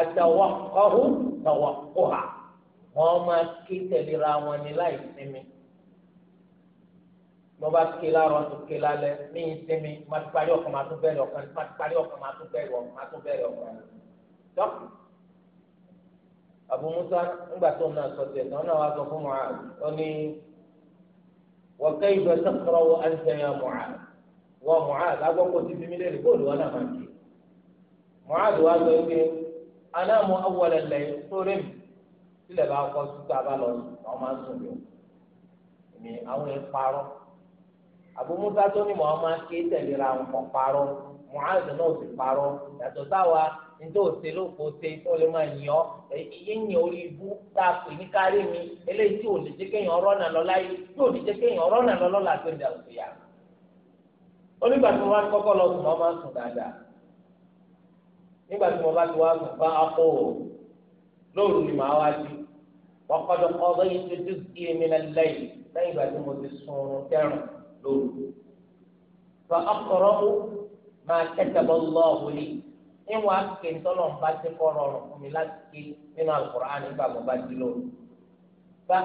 atawaqqahu tawaqqaha wọ́n máa ké tẹ̀léra wọn ní láì sinmi bọ́ba ké lárọ̀ tó ké lálẹ́ ní ìsinmi má ti parí ọkàn má tún bẹ̀rẹ̀ ọkàn má ti parí ọkàn má tún bẹ̀rẹ̀ ọkàn má tún bẹ̀rẹ̀ ọkàn tó. Abu Musa ńgbà tó náà sọ tiẹ̀ tán náà wá sọ fún Mu'adh ó ní wa kayfa taqra'u anta ya Mu'adh wọ́n Mu'adh lágbọ́kọ̀ ti fi mí lé rìkóòdù wọn náà máa ké. Mu'adh wá sọ pé anáàmú awwal al sórí mi sílẹ̀ bá kọ́ àbúmúsá tó ní Muhammad ké tẹ̀léra nǹkan parọ́ Mu'adh náà sì parọ́ yàtọ̀ sáwa nítorí òsè ló kó ṣe tó lè máa yàn ọ́ yíyan orí ibú tá a pè ní kárí mi eléyìí tí ò ní jẹ́ kéèyàn ọ̀rọ̀ náà tí ò kéèyàn onígbà tí mo bá lọ sùn sùn dáadáa nígbà tí mo bá lóru fa akọrọbu máa kẹtẹbọ lọọhù ni níwọn akéwì ńtọ́lọ̀ ń ti kọ́ rọrùn fún mi láti ké nínú al nígbà mo bá ti lóru fa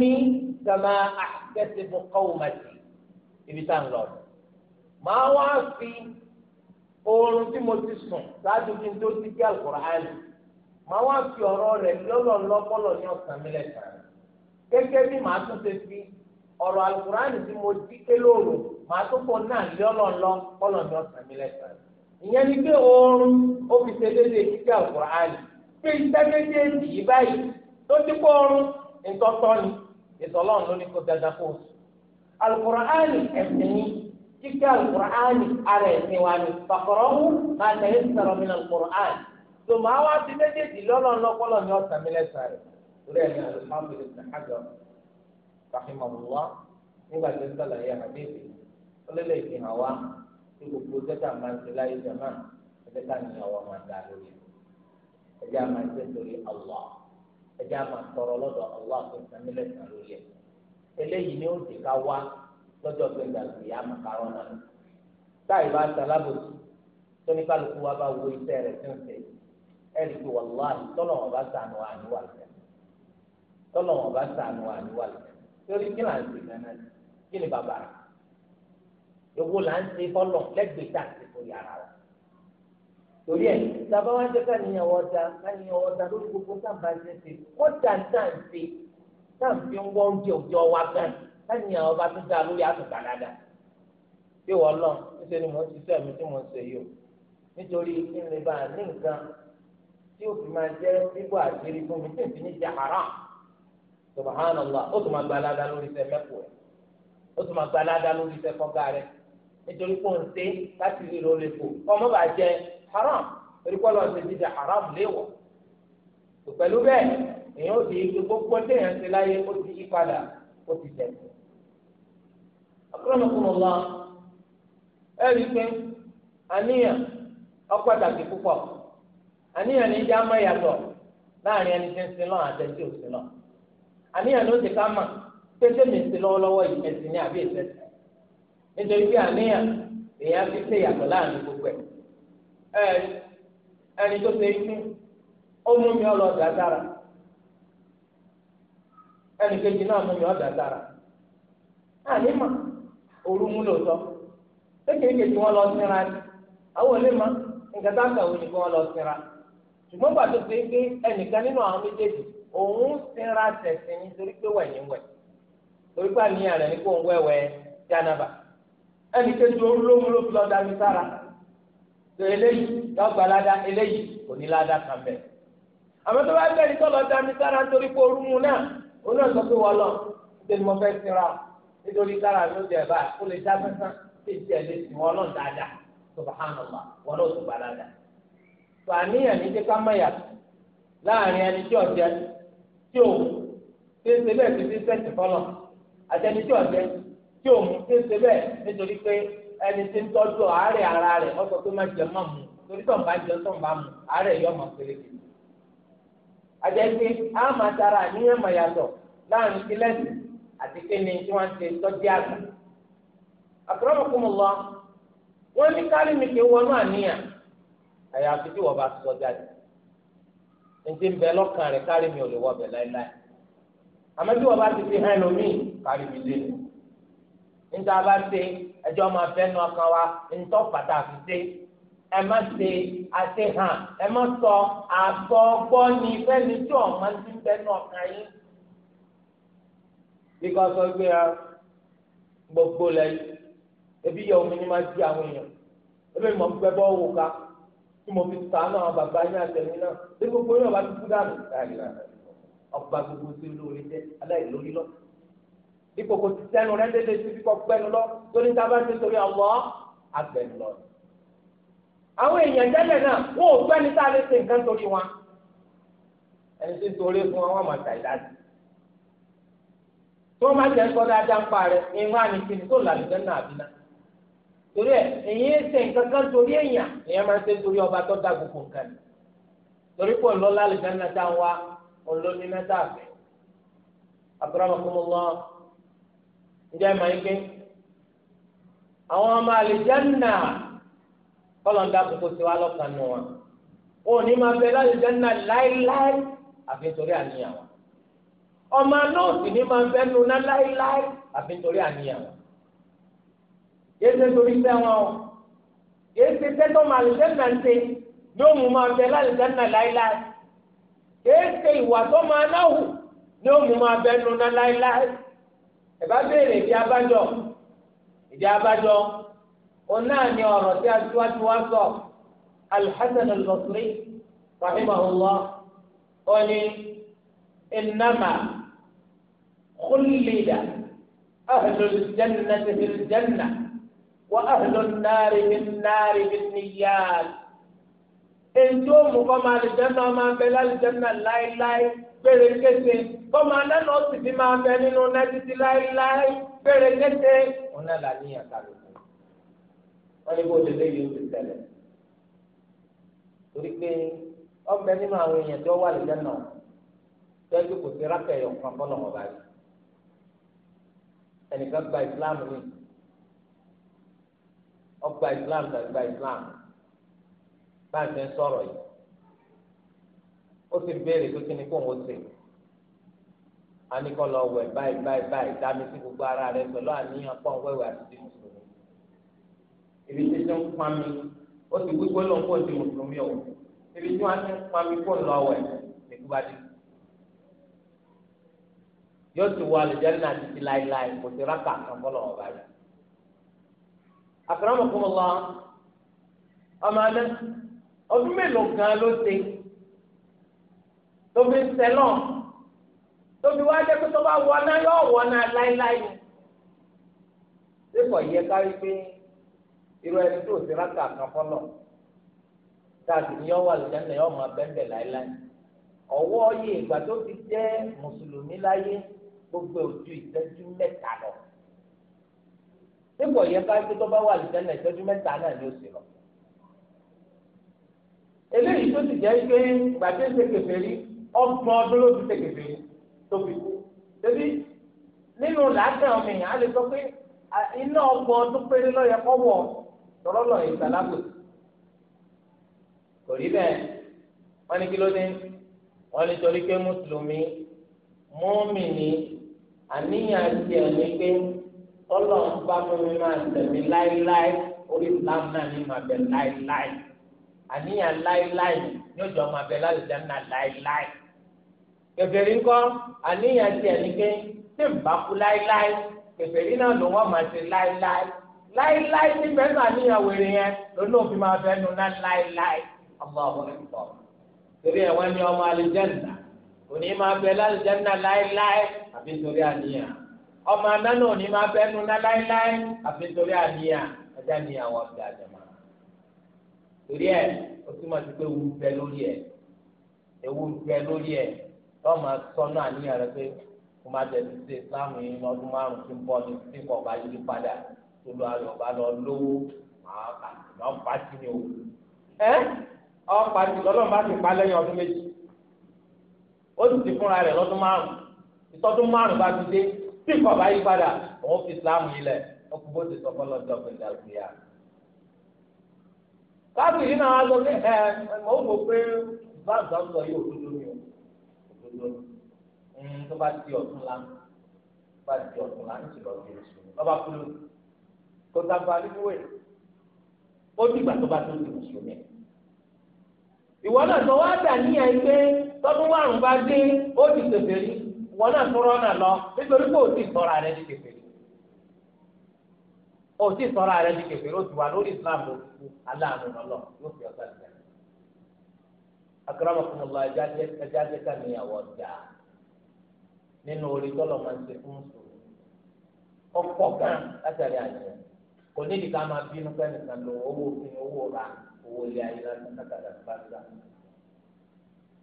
mi ibi tá lọ màá wá fi oorun tí mo ti sùn ṣáájú kí n tó ti ké wá fi ọ̀rọ̀ ní mi bí màá tún ṣe fi. ọ̀rọ̀ alukurani tí mo ti ké lóru màá tó pọ̀ náà lé ọlọ́ọ̀lọ́ kọ́lọ̀ ní ọ̀sán mi lẹ́sàn. ìyẹn ni pé oorun ó fi ṣe déédéé kíkẹ́ alukurani pé iṣẹ́ méjèèjì yìí báyìí tó ti pọ̀ oorun ntọ́tọ́ ni ìtọ́lọ́run ló ní kó dandan kó sùn. alukurani ẹ̀sìn ni kíkẹ́ alukurani ara ẹ̀sìn wa ni pàkọ́rọ́ mú máa tẹ̀lé sọ̀rọ̀ mi alukurani tó máa wá ti méjèèjì lọ́lọ́ọ̀lọ́ kọ́lọ̀ rahimahullah nígbà tó sàlàyé àdéhùn ọlọ́lẹ̀ ìfihàn wa tí gbogbo tẹ́tà máa ń ṣe láyé jama tẹ́tà níyàwó máa dá lórí ẹjẹ́ a máa ṣe torí Allah ẹjẹ́ a máa tọrọ lọ́dọ̀ Allah tó sàmì lẹ́sàn lórí ẹ̀ eléyìí ni ó ti ká wá lọ́jọ́ tó ń dàgbé yá máa náà táyì bá salábòsì tó ní kálukú wa bá wo iṣẹ́ rẹ̀ tó ń ṣe ẹ̀rí pé wàlláhi tọ́lọ̀ wọn bá tọ́lọ̀ wọn bá sànù àníwá lẹ́yìn torí kí là ń ṣe gánà kí ni bàbá rẹ èwo là ń ṣe fọlọ lẹ́gbẹ̀ẹ́ tá à ń ṣe fún yàrá rẹ torí ẹ sábà wá jẹ káníyàn ọdá káníyàn ọdá lórí gbogbo sábà ń ṣe kọjá tá ṣe tá ń wọ oúnjẹ òjò wa gan káníyàn ọba tó dáa lórí àtúntà dáadáa bí wọn lọ níṣẹ́ ni mo ń ṣiṣẹ́ mi tí mo ń ṣe yìí o nítorí kí n lè bá a ní nǹkan tí ó fi máa jẹ bíbọ àṣírí fún mi tí n fi ní jẹ haram. subhanallah ó tún máa gba aládá lórí iṣẹ́ mẹ́kù rẹ̀ ó tún máa gba aládá lórí iṣẹ́ fọ́gá rẹ̀ nítorí pé òun ṣe láti rí ló lè fò haram torí pé ọlọ́run ṣe jíjẹ haram léwọ̀ pẹ̀lú bẹ́ẹ̀ èèyàn ó di gbogbo ti yí ó ti pé láàrin ẹni ń sin àníyàn ló ti ká mà pété mi sí lọ́wọ́lọ́wọ́ yìí ẹ̀sìn ní àbí ẹ̀sẹ̀ nítorí pé àníyàn èèyàn fi ṣe ìyàtọ̀ láàrin gbogbo ẹ̀ ẹni tó ṣe ikú ó mú mi ọlọ́ọ̀dà dára ẹnì kejì náà mú mi ọ̀dà dára àní mà òru mú lòótọ́ kékeré tí wọ́n lọ síra ni àwọn a kà wọ́n ni kí wọ́n lọ ṣùgbọ́n pàtó pé òun sinra tẹ̀sí nítorí pé wẹ̀yìn wẹ̀ torí pé àníyàn rẹ̀ ní kó ń wẹ̀wẹ̀ jánaba ẹnì kejì òun ló ló fi lọ́ọ́ dami sára tó eléyìí lọ́gbà ládá eléyìí kò ní ládá kan bẹ̀. àmọ́ tó bá ní tọ́lọ́ dami sára nítorí pé náà òun náà sọ pé lọ mo sinra nítorí sára ló bá kó lè dá tí o ṣe ń ṣe bẹ́ẹ̀ fi ṣe sẹ́ẹ̀tì fọlọ́ àtẹni tí o jẹ tí o mú ṣe ń ṣe bẹ́ẹ̀ nítorí pé ẹni tí ń tọ́jú àárẹ̀ ara rẹ̀ má jẹ mu torí tó ń bá jẹ tó ń bá mu àárẹ̀ àtẹni a máa tara àníyàn máa yàtọ̀ láàrin kílẹ̀sì àti kíni tí wọ́n ṣe tọ́jú àgbà. wọ́n ní mi wọnú àníyàn àyàfi tí wọ́n bá sọ jáde. ntí ń bẹ lọ́kàn rẹ̀ kárí mi ò lè wọ ọbẹ̀ láéláé àmọ́ bí wọ́n bá ti fi hàn lómìn kárí mi lé mi níta bá ṣe ẹjọ́ máa fẹ́ nu ọkàn wa ntọ́ pàtàkì ṣe ẹ má ṣe àṣehàn ẹ má sọ àgbọ̀gbọ́ ni fẹ́ni tí ọ̀ma ti ń bẹ nu ọkàn yín bí kò sọ pé gbogbo lẹ́yìn ebi yẹ omi ni má di àwọn èèyàn ebi mọ̀ gbẹ́bọ́ wò ká tí mo fi sànù àwọn bàbá yín àtẹ̀mí náà bí gbogbo yín ọba ti kú dànù ọba gbogbo ti lórí jẹ aláìlórí lọ dípò kò ti sẹ́nu rẹ dédé sí kíkọ́ pẹ́nu lọ torí tá a bá ti torí ọ̀wọ́ agbẹ̀nu lọ. àwọn èèyàn jẹ́lẹ̀ náà wọn ò gbẹ́ni tá a lè ṣe nǹkan torí wọn ẹni tí ń torí fún wọn wọn máa tà ìdájì. tí wọ́n máa jẹ́ ń sọ dáadáa ń pa rẹ̀ ìwọ́n àníkí ni tó làlùjẹ́ náà. torí ẹ èyí ṣe nǹkan kan torí èèyàn èèyàn máa ń ṣe torí ọba tó dá gbogbo nǹkan ni torí pọ̀ ta nwa náà tá à ń wá olóní náà tá à fẹ́ akramakumullah ǹjẹ́ màá ike àwọn ọmọ àlùjá náà kọ́lọ́ńdà kókó sí wa lọ́kàn nù wọn ò ní máa láéláé àfi torí àníyàn wọn ọmọ sì ní máa láéláé àfi torí àníyàn yéésè torí fẹ́ wọn o yéésè tẹ́tọ́ máa lè sẹ́nà ń ṣe yóò mú máa fẹ́ láti sẹ́nà láéláé yéésè ìwà tó máa náwó yóò mú máa fẹ́ nuna láéláé ẹ bá béèrè ìdí abájọ ìdí abájọ òun náà ni ọ̀rọ̀ tí aṣíwájú wa sọ al Al-Basri rahimahullah ó ní innama khullida ahlul jannati fil jannah. وأهل النار بالنار بالنيات ètò òmùkọ́ máa lè jẹ́ náà máa ń bẹ lálùjẹ́nà láéláé péré kése kọ́ máa lẹ́nu ó sì fi máa bẹ nínú nẹ́títí bó ti torí pé ọbẹ̀ nínú àwọn èèyàn wà tẹ́jú kò sí kan fọ́nà ọgbà islam tàgbà islam bá ń fẹ́ sọ̀rọ̀ yìí ó sì béèrè pé kí ni kóun ó sè á ní kọ́ lọ wẹ̀ báyìí báyìí báyìí dámi sí gbogbo ara rẹ pẹ̀lú àníyàn pọ̀ ń wẹ̀wẹ̀ àti ti mùsùlùmí ibi tí tí ń pa mi ó sì wípé lóun kó ti mùsùlùmí o ibi tí wọ́n ti ń pa mi kó lọ wẹ̀ nìkú bá dé yóò ti wọ àlùjànnà títí láéláé kò sí rákà kan lọ́wọ́ báyìí akramakumullah ọmọ adé ọdún mélòó gan ló ṣe tóbi sẹlọ tóbi wá jẹ pé tó bá wọ náà yóò wọ náà láéláé sẹ́kọ̀ọ́ yẹ kárí pé irú ẹni tó ti rákà kan fọlọ̀ táàtì ni yọ wà lójánná yọ máa bẹ́ńbẹ̀ láéláé ọwọ́ yìí ìgbà tó ti jẹ́ mùsùlùmí láyé gbogbo ojú ìtẹ́jú mẹ́ta lọ nígbà yẹn ká gbé tó bá wà lùtẹ́lẹ̀ ìtọ́jú mẹ́ta náà ni ó sì lọ. eléyìí tó ti jẹ́ pé gbàdé ṣe kèfèrí ọgbọ̀n ọdún ló fi ṣe kèfèrí tó fi kú. débi nínú làákàn ọmọ èèyàn á lè sọ pé iná ọgbọ̀n ọdún péré lọ́yẹ kọ́ wọ̀ tọ́lọ́lọ́ ìsàlábò. kò rí bẹ́ẹ̀ wọ́n ní kí ló dé wọ́n ní torí pé mùsùlùmí mùmínì àníyàn ti ẹ̀ ní pé tọ́lọ́run bá mímí máa tẹ̀mí láéláé orí islam náà ní máa bẹ láéláé àníyàn láéláé ní ọjọ́ máa bẹ lálùjá náà láéláé kèfèrí ńkọ́ àníyàn tiẹ̀ ní pé tí n bá kú láéláé kèfèrí náà ló wọ́n máa ṣe láéláé láéláé tí bẹ́ẹ̀ àníyàn wèrè yẹn lónà òfin máa fẹ́ nu náà láéláé ọmọ ọ̀hún ẹ̀kọ́ torí ẹ̀wọ́n ni ọmọ àlùjá náà òní máa bẹ lálùjá náà láéláé àbí torí àníyàn ọmọ aná náà ní máa bẹ́ nu náà láéláé àfi nítorí àníyàn ajá ni àwọn ọ̀gá àjọmọ́ torí ẹ̀ o túmọ̀ sí pé ewu ń bẹ lórí ẹ̀ ewu ń bẹ lórí ẹ̀ tó máa sọnù àníyàn rẹ pé kó máa tẹ̀lé sí islam yìí lọ́dún márùn-ún tí ń bọ̀ ní tí kò bá yí padà tó lọ ayọ̀ bá lọ lówó àwọn pàtì ni o ẹ ọ pàtì lọ́lọ́run bá ti pa lẹ́yìn ọdún méjì ó sì ti fúnra rẹ̀ lọ́dún márùn-ún ìtọ́dún márùn-ún bá ti dé tí nǹkan bá yí padà òun fi ìsìláàmù yìí lẹ̀ wọ́n kú bó ti sọ fọlọ́ ọjọ́ pé ìdàgbé yà. káàbù yìí náà wá sọ pé ẹ mọ̀ ó mọ̀ pé báńkì àwọn sọ yóò dúdú mi o òdodo ni tó bá ti ọ̀tún lá tó bá ti ọ̀tún lá ní ìlọ sí oṣù lọ́ba kúlù kó sábà níwèé ó dìgbà tó bá tó di mùsùlùmí ìwọ náà tó wá dà níyà yìí pé tọdún márùn bá dé ó di tètè rí wọn náà tó rọ́nà lọ nítorí pé òtí sọ̀rọ̀ àrẹ di kèfèrí òtí sọ̀rọ̀ àrẹ di kèfèrí ó ti wà lórí Islam ló ti aláàánú lọ́lọ́ yóò fi ọ̀gá ìgbà rẹ̀. akọ́rọ́mọkùnrin ọ̀la ẹja jẹ́ ká níyàwó ọjà nínú orí tọ́lọ̀ máa ń ṣe fún sùúrù ọ̀pọ̀ gan látàrí àjẹ́ kò ní ìdíkà máa bínú pẹ́ nìkan lò owó òfin owó ra owó ilé ayé lásán kàkàdà tó bá ń gbà.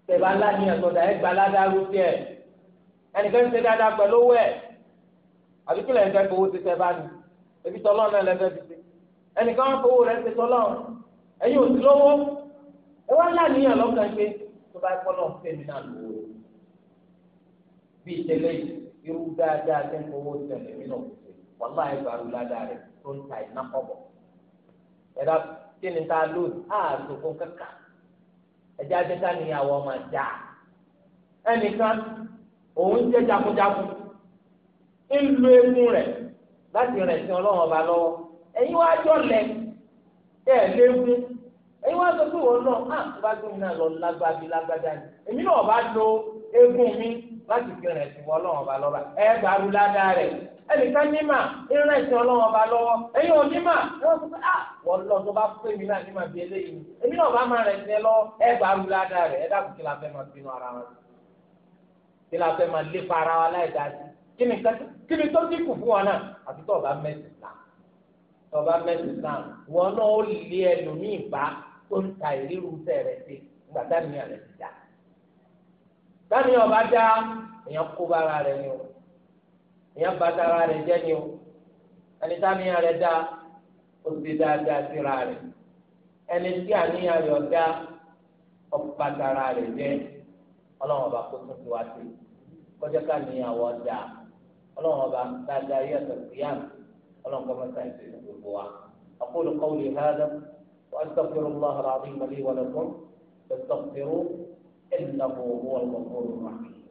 tẹ̀bá ńlá ni ẹ̀sọ́dà ẹ̀ gbaládàá rú tiẹ̀ ẹnìkan ń ṣe dáadáa pẹ̀lú owó ẹ̀ àbí kí lẹ́yìn fẹ́ fowó ti tẹ́ bá ní ebi tọ́lọ́ náà lẹ́fẹ́ ti ṣe ẹnìkan wọn fowó rẹ̀ ti tọ́lọ́ ẹ̀yin ò sí lówó ẹ wá láàníyàn lọ́kàn ṣe tó bá kọ́ náà fẹ́mi náà lówó bí ìṣẹ̀lẹ̀ irú dáadáa tẹ́ ń fowó tẹ̀lé mi náà wọ́n máa ń gbàrú ládàá rẹ̀ tó ń ta ìná kọ́bọ̀ ẹ̀dá kí ni ta lóòdù àtòkò kẹ́kà ẹ̀já jẹ́ká níyàwó ọmọ ẹ̀já ẹnìkan òun jẹ́ jagunjagun ń lu egun rẹ̀ láti rẹ̀ sí ọlọ́run ọba lọ́wọ́ ẹ̀yin wá jọ lẹ̀ ẹ̀ léegun ẹ̀yin wá sọ pé wọn náà á ah, bá gbé mi náà lọ lágbàbí lágbàdá ni èmi náà bá lo egun mi láti fi rẹ̀ sí ọlọ́run ọba lọ́ba ẹ̀ gbàrú ládàá rẹ̀ ẹnìkan ní mà ìrìnà ìsìn ọlọ́run ọba lọ́wọ́ ẹ̀yin ò ní mà ah, wọ́n lọ tó bá pè mí náà ní mà bí eléyìí èmi náà bá máa rẹ̀ sí ẹ lọ ẹ̀ gbàrú ládàá rẹ̀ ẹ̀ dàbùkí la fẹ́ máa bínú ara wọn kí la fẹ́ máa lé para wa láì dá sí kí ni kí ni tó dínkù fún wa náà àti tó ọba mẹ́sì sàn tó ọba mẹ́sì sàn wọn náà ó lé ẹlòmíì bá tó ń ta ìrírí sẹ̀rẹ̀ sí gbàdá mi àrẹ̀ ti dá táni ọba dá èèyàn kó bára rẹ̀ ni o èèyàn bá tara rẹ̀ jẹ́ ni o ẹni táni àrẹ̀ dá ó ti dáadáa síra rẹ̀ ẹni tí àníyàn rẹ̀ ọ̀dá ọba tara rẹ̀ jẹ́ ni ọlọ́run ọba kó tún fi wá sí kọjá ká ní àwọ̀ ọjà ọlọ́run ọba dáadáa yẹ tẹ̀síyàn ọlọ́run kọ́mọ sáyẹ́nsì gbogbo wa. أقول قولي هذا وأستغفر الله العظيم لي ولكم فاستغفروه إنه هو الغفور الرحيم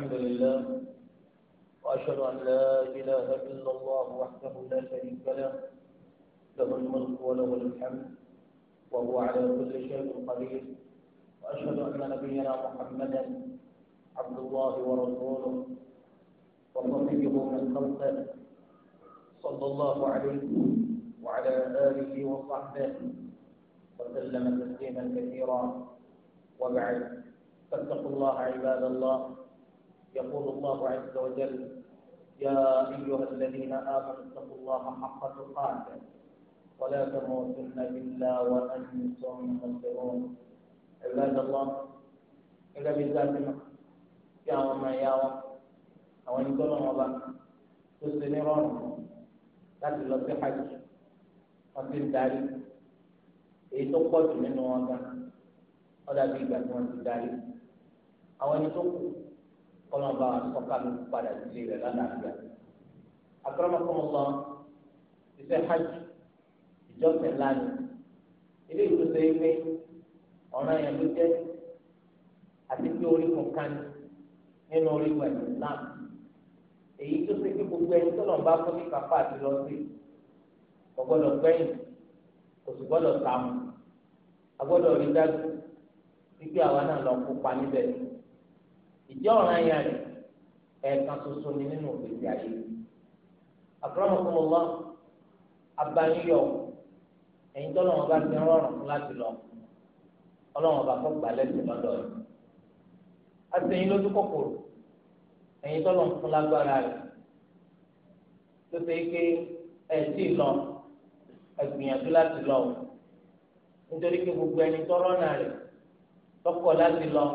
الحمد لله وأشهد أن لا إله إلا الله وحده لا شريك له له الملك وله الحمد وهو على كل شيء قدير وأشهد أن نبينا محمدا عبد الله ورسوله وصفيه من خلقه صلى الله عليه وعلى آله وصحبه وسلم تسليما كثيرا وبعد فاتقوا الله عباد الله يقول الله عز وجل يا أيها الذين آمنوا اتقوا الله حق تقاته ولا تموتن إلا وأنتم مسلمون عباد الله إلا بذاتنا يا وما يا وما أو إن كل رمضان تسلم رمضان لا تلقي حج وفي ذلك èyí tó pọ̀ jù nínú wọn gan ọ̀dà bíi ìgbà tí wọ́n ti kọlọmọba sọkalù padà sílé rẹ̀ lálàáfíà akọlọmọkọmọsán iṣẹ́ hajj ìjọsìn lánàá ilé ìtòsẹ ìwé ọ̀ràn yẹn ló jẹ àti pé orígun kan nínú orígun ẹ̀sìn islam èyí tó ṣe pé gbogbo ẹni tó lọ́nba fún ní kápá àti lọ sí kò gbọ́dọ̀ gbẹ́yìn kò sì gbọ́dọ̀ tààmù a gbọ́dọ̀ rí dájú wípé àwa náà lọ kópa níbẹ̀ yìí ìjọ ọ̀ràn yẹn rẹ̀ ẹ̀ẹ̀kan ṣoṣo ni nínú òbí ayé àkọ́rọ́mọkọ́mọlá abayọ ẹ̀yin tó lọ́wọ́ bá ti rọrùn fún láti lọ ọlọ́wọ́ bá fọ́ gbalẹ̀ sí lọ́dọ̀ rẹ̀ àtẹ̀yìn lójú kòkòrò ẹ̀yin tó lọ́wọ́ fún lágbára rẹ̀ tó ṣe é pé ẹ̀ tí ì lọ ẹ̀gbìyànjú láti lọ nítorí pé gbogbo ẹni tọ́rọ́ náà rẹ̀ tọkọ̀ láti lọ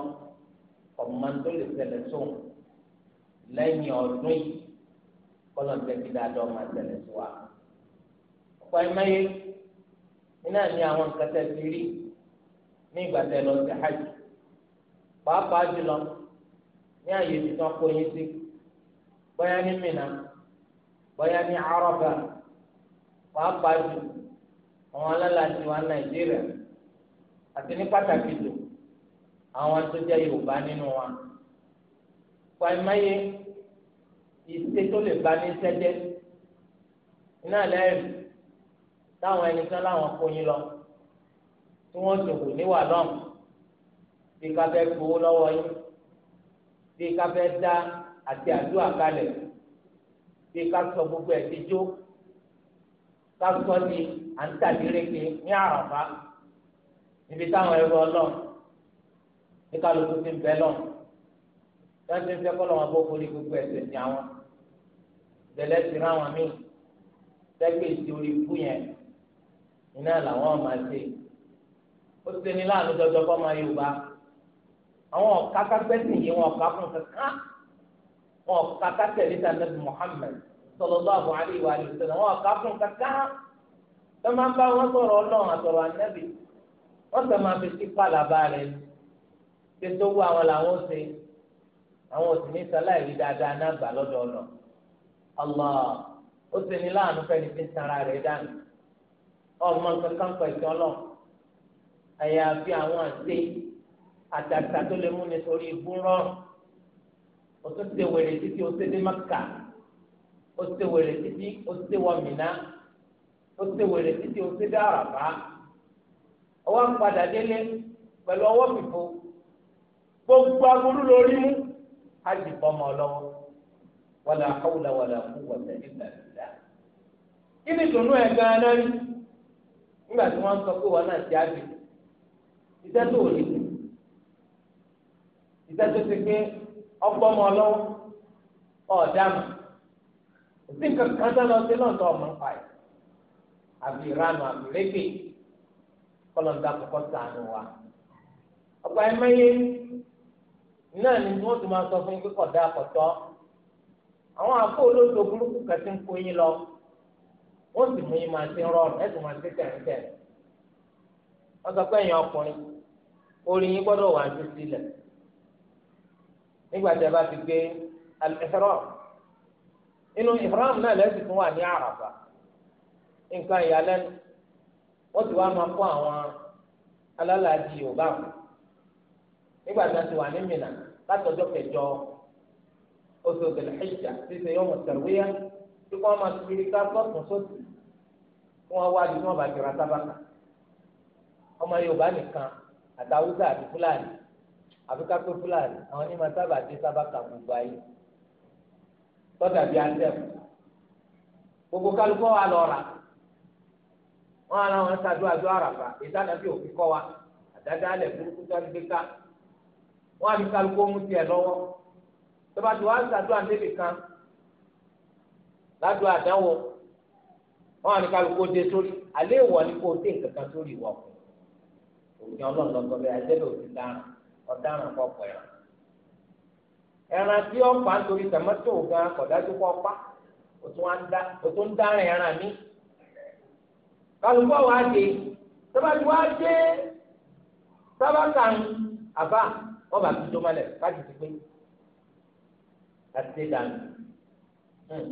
ọmọdé lè tẹ̀lé sóun lẹ́yìn ọdún yìí kọlọ ń tẹsí dáadọ ọmọ àtẹlẹ sí wa ọ̀pọ̀ ẹ mẹyẹ iná ní àwọn nǹkan tẹ ti rí ní ìgbà tẹ lọ sí hajj pàápàá jùlọ ní àyè tí wọn kó yín sí bóyá ní Mina bóyá ní Arọfa pàápàá jù àwọn alálàájì wa Nàìjíríà àti ní pàtàkì jù àwọn tó jẹ́ yorùbá nínú wa pàìmáyé ìṣe tó lè ba ní sẹ́jẹ́ iná lẹ́rìí táwọn ẹni tán láwọn kóyin lọ tí wọ́n dòwò níwà lọ́n bí ká fẹ́ gbowó lọ́wọ́ yín bí ká fẹ́ dá àti àdúrà kalẹ̀ bí ká sọ gbogbo ẹ̀ ti jó ká sọ ní à ń tàbí rékè ní àràfá níbi táwọn ẹrú ọlọ́run ní kálukú ti ń bẹ lọ láti ń fẹ́ kọ́ lọ́wọ́ bó forí gbogbo ẹ̀ṣẹ̀ ní àwọn bẹ̀lẹ́ ti rán àwọn míì tẹ́gbẹ́ ìdí orí ikú yẹn iná làwọn máa ṣe ó ṣe ní láàánú jọjọ kọ́ máa Yorùbá àwọn ọ̀ka kápẹ́sìn yìí wọn ọ̀ka fún kankan wọn ọ̀ka kápẹ́lí sànẹ́bí Muhammad sallallahu alaihi wa sallam wọn ọ̀ka fún kankan tó máa ń bá wọn sọ̀rọ̀ Ọlọ́run àtọ̀rọ̀ ànẹ́bí wọ́n sọ máa fi sí pàlàbà rẹ̀ ni ṣe tó wú àwọn làwọn ṣe àwọn ò sì ní sáláì rí dáadáa náà gbà lọ́dọ̀ ọ̀nà Allah ó ṣe ní láàánú fẹ́ni tí ń tanra rẹ̀ dànù ọmọ kankan pẹ̀sẹ̀ ọlọ́ àyàfi àwọn àti àtàtà tó lè mú ni sórí ibú rọrùn ó tún ṣe wèrè títí ó ṣe dé Mákà ó ṣe wèrè títí ó ṣe wọ Mínà ó ṣe wèrè títí ó ṣe dé Àràfá ọwọ́ ń padà délé pẹ̀lú ọwọ́ fìfo. gbogbo aburú lórí mú hajj bọ́mọ lọ́wọ́ wàlà hawla wàlà quwwata illa billah. kí ni ẹ̀ gan-an náà rí nígbà tí wọ́n sọ pé náà ti àgbè iṣẹ́ tó tó ti pé ọgbọ́mọ lọ́wọ́ ọ̀dàmù òsì nǹkan kan tó lọ sí lọ́ńtọ́ ọmọ àbí àbí náà ni wọ́n ti máa sọ fún yín pé kọ̀dá àkọ́tọ́ àwọn àpò olóòtú burúkú kẹsí ń kó yín lọ wọ́n sì mú yín máa ti rọrùn ẹ̀sùn máa ti tẹ̀rẹ̀tẹ̀rẹ̀ wọ́n sọ pé ẹ̀yin ọkùnrin orí yín gbọ́dọ̀ wà ní sílẹ̀ nígbà tí a bá ti gbé al inú ihram náà lẹ́sìn fún wa ní àràfà nǹkan ìyàlẹ́nu wọ́n ti wá máa kó àwọn alálàájì yorùbá fún nígbà tí a ti wà ní Mínà látọjọ́ kẹjọ oṣù tẹlifíṣà ṣíṣe yóò mọ tẹ̀wéyà tí wọ́n máa fi ká gbọ́sùn sósì kí wọ́n wá di wọ́n bá jọra sábàkà ọmọ Yorùbá nìkan àtàwùsà àti Fúlàní àfikà pé Fúlàní àwọn onímọ̀ sábà dé sábàkà gbogbo ayé tọ́jà bíi àtẹ̀wò gbogbo kálukọ́ wa lọ rà wọ́n ara ṣàdúrà ju àràfà ìtànàbí òfin kọ́ wa àdáda alẹ̀ burúkú tó ń ká wọn àbí kálukú mú tiẹ̀ lọ́wọ́ tọba tí wàá sàdúrà níbi kan ládùú àdánwò wọn àbí kálukú dé sórí alẹ́ ìwọ ni kò dé nǹkan kan sórí ìwọ kù òkè ọlọ́ọ̀lọ́ sọ bẹ́ẹ̀ àjẹ́bẹ̀ òsì dáràn ọ̀daràn kọ̀ pẹ̀ rẹ̀ ẹran tí ó pa nítorí tòmátò gan kọ̀dájú kọ́ pa òtún ń dáràn ẹran mi kálukú wàá dé tọba tí wàá dé sábà kàn àbá wọn bá tó mọ́lẹ̀ káàdì ti pé láti dé dànù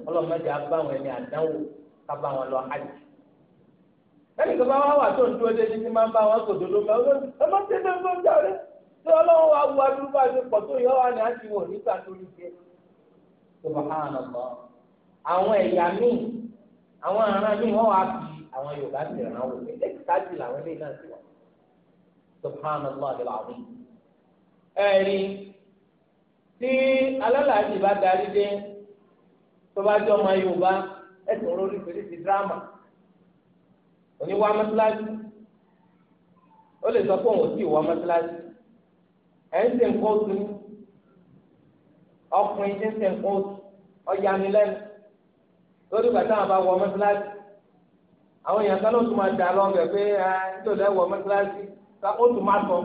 ọlọ́mọdé abá wọn ẹni àdánwò kábà wọn lọ hajj ẹnì kan bá wà wà tó ń dúró dé títí máa ń bá wọn sòdodo mẹ ọ lọ sí ẹgbẹ́ fún ọjà rẹ tí ọlọ́run wa wù adúlú bá ṣe pọ̀ tó yọ wà ní àti wò nígbà tó ní tó bá hàn án lọ àwọn ẹ̀yà míì àwọn aràn míì wọ́n wá fi àwọn Yorùbá ti ràn án wò ní ẹ̀ka jù làwọn eléyìí náà ti wà tó hàn án lọ ẹ̀rí tí alálàájì bá darí dé tó bá jẹ́ ọmọ Yorùbá ẹ̀sìn olórí fèrèsé dírámà oníwà mọ́sálásí ó lè sọ pé òun ò tí ì wá mọ́sálásí ẹ̀ ń ṣe nǹkan oṣù ní ọkùnrin tí ń ṣe nǹkan oṣù ọ̀yà mi lẹ́nu lórí bàtà àbá wọ mọ́sálásí àwọn èèyàn kan ló tún máa dà lọ́wọ́ bẹ̀ pé ẹ̀ ń tò lẹ́wọ̀ mọ́sálásí ó tún máa sọ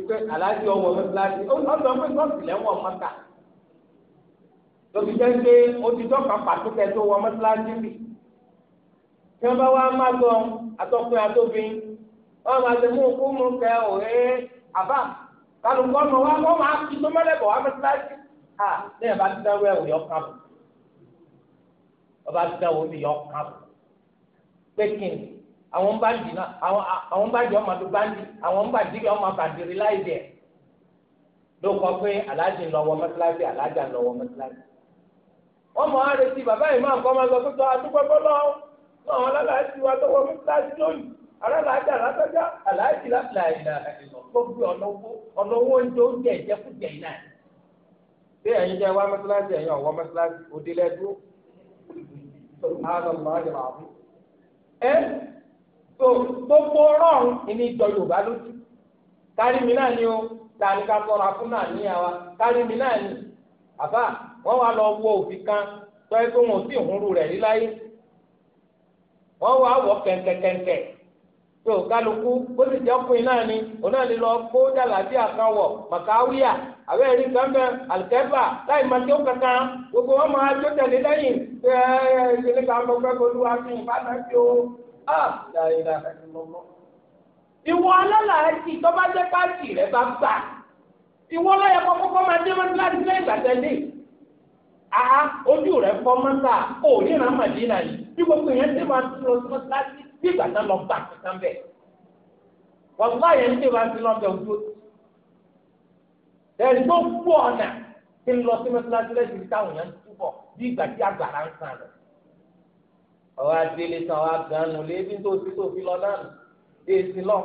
ipe aláàjì ọwọ́ mẹsàlásì ọlọmọ pé nọọsì lẹwọn mọta lọbi jẹ pé odidọ kan pàtó kẹtó wọ mẹsàlásì bì tí wọn bá wá má gbọ atọkùn atóbin wọn máa tẹ mú òkú mú kẹ òwe àbá kálukọ mọ wá wọn máa fi tó mẹlẹbọ wá mẹsàlásì à lẹ́yìn bá ti dáwọ ẹwù yọ kàn bọ ọba ti dáwọ ẹwù yọ kàn bọ pé kìnnì àwọn bandi náà àwọn bandi ọmọ àdó bandi àwọn bandi ọmọ àbàdìrí láì dẹ̀ ló kọ pé aláàjì lọ́wọ́ mọ́tíláṣí aláàjà lọ́wọ́ mọ́tíláṣí. wọ́n mọ̀ á retí bàbá yìí máa ń kọ́ máa sọ pé àdúgbò bọ́lọ́ náà wọn lálàájì wa tọwọ́ mọ́tíláṣí lónìí alálàájà látọ́jà aláàjì láti ọlọ́wọ́ ń tó ń jẹ ìjẹkújẹ náà. bí ẹ̀yin jẹ́ wá mọ́tíláṣí ẹ̀yin ọ̀wọ́ mọ́tíláṣí òdìlẹ́dúró so gbogbo rọrùn ìní ìjọ yorùbá lójú kárí mi náà ni o tani ká sọra fún náà níyà wa kárí mi náà ni àbá wọn wá lọ wo òfin kan tọ́ ẹ pé wọn ò sí ìhunru rẹ̀ rí láyé wọn wá wọ kẹ̀kẹ̀kẹ̀kẹ̀ tó kálukú bó ti jẹ́ ọkùnrin náà ni òun náà lè lọ kó jàlàbí àkànwọ̀ màkàwíà àbẹ́ ẹ̀rí kan bẹ́ẹ̀ àlùkẹ́fà láì máa tó kankan gbogbo wọn máa tó tẹ̀lé lẹ́yìn ẹ̀ ẹ̀ ẹ̀ ẹ̀ ẹ̀ ẹ̀ ẹ̀ ẹ̀ ẹ̀ ẹ̀ ẹ̀ ẹ̀ Ah, ìwọ alálàájì tó bá jẹ́ pàtì rẹ̀ bá gbà ìwọ lọ́yẹ kọ́kọ́kọ́ máa dé wọn láti lé ìgbà tẹ́lẹ̀ àá ojú rẹ̀ fọ́ mọ́tà kó o ríran màdínà yìí bí gbogbo èèyàn ṣe máa ti lọ sọ láti bí ìgbà tán lọ gbà kankan bẹ̀ wọ́n bá yẹn ṣe máa ti lọ bẹ̀ ojú ẹ̀rí tó kú ọ̀nà ti lọ sí mọ́tà láti lẹ́sìn táwọn èèyàn túbọ̀ bí ìgbà tí àgbàrá ń sàn lọ ọwọ́ adélé tán wá ganu lébi tó ti tó fi lọ dànù dé èsì lọ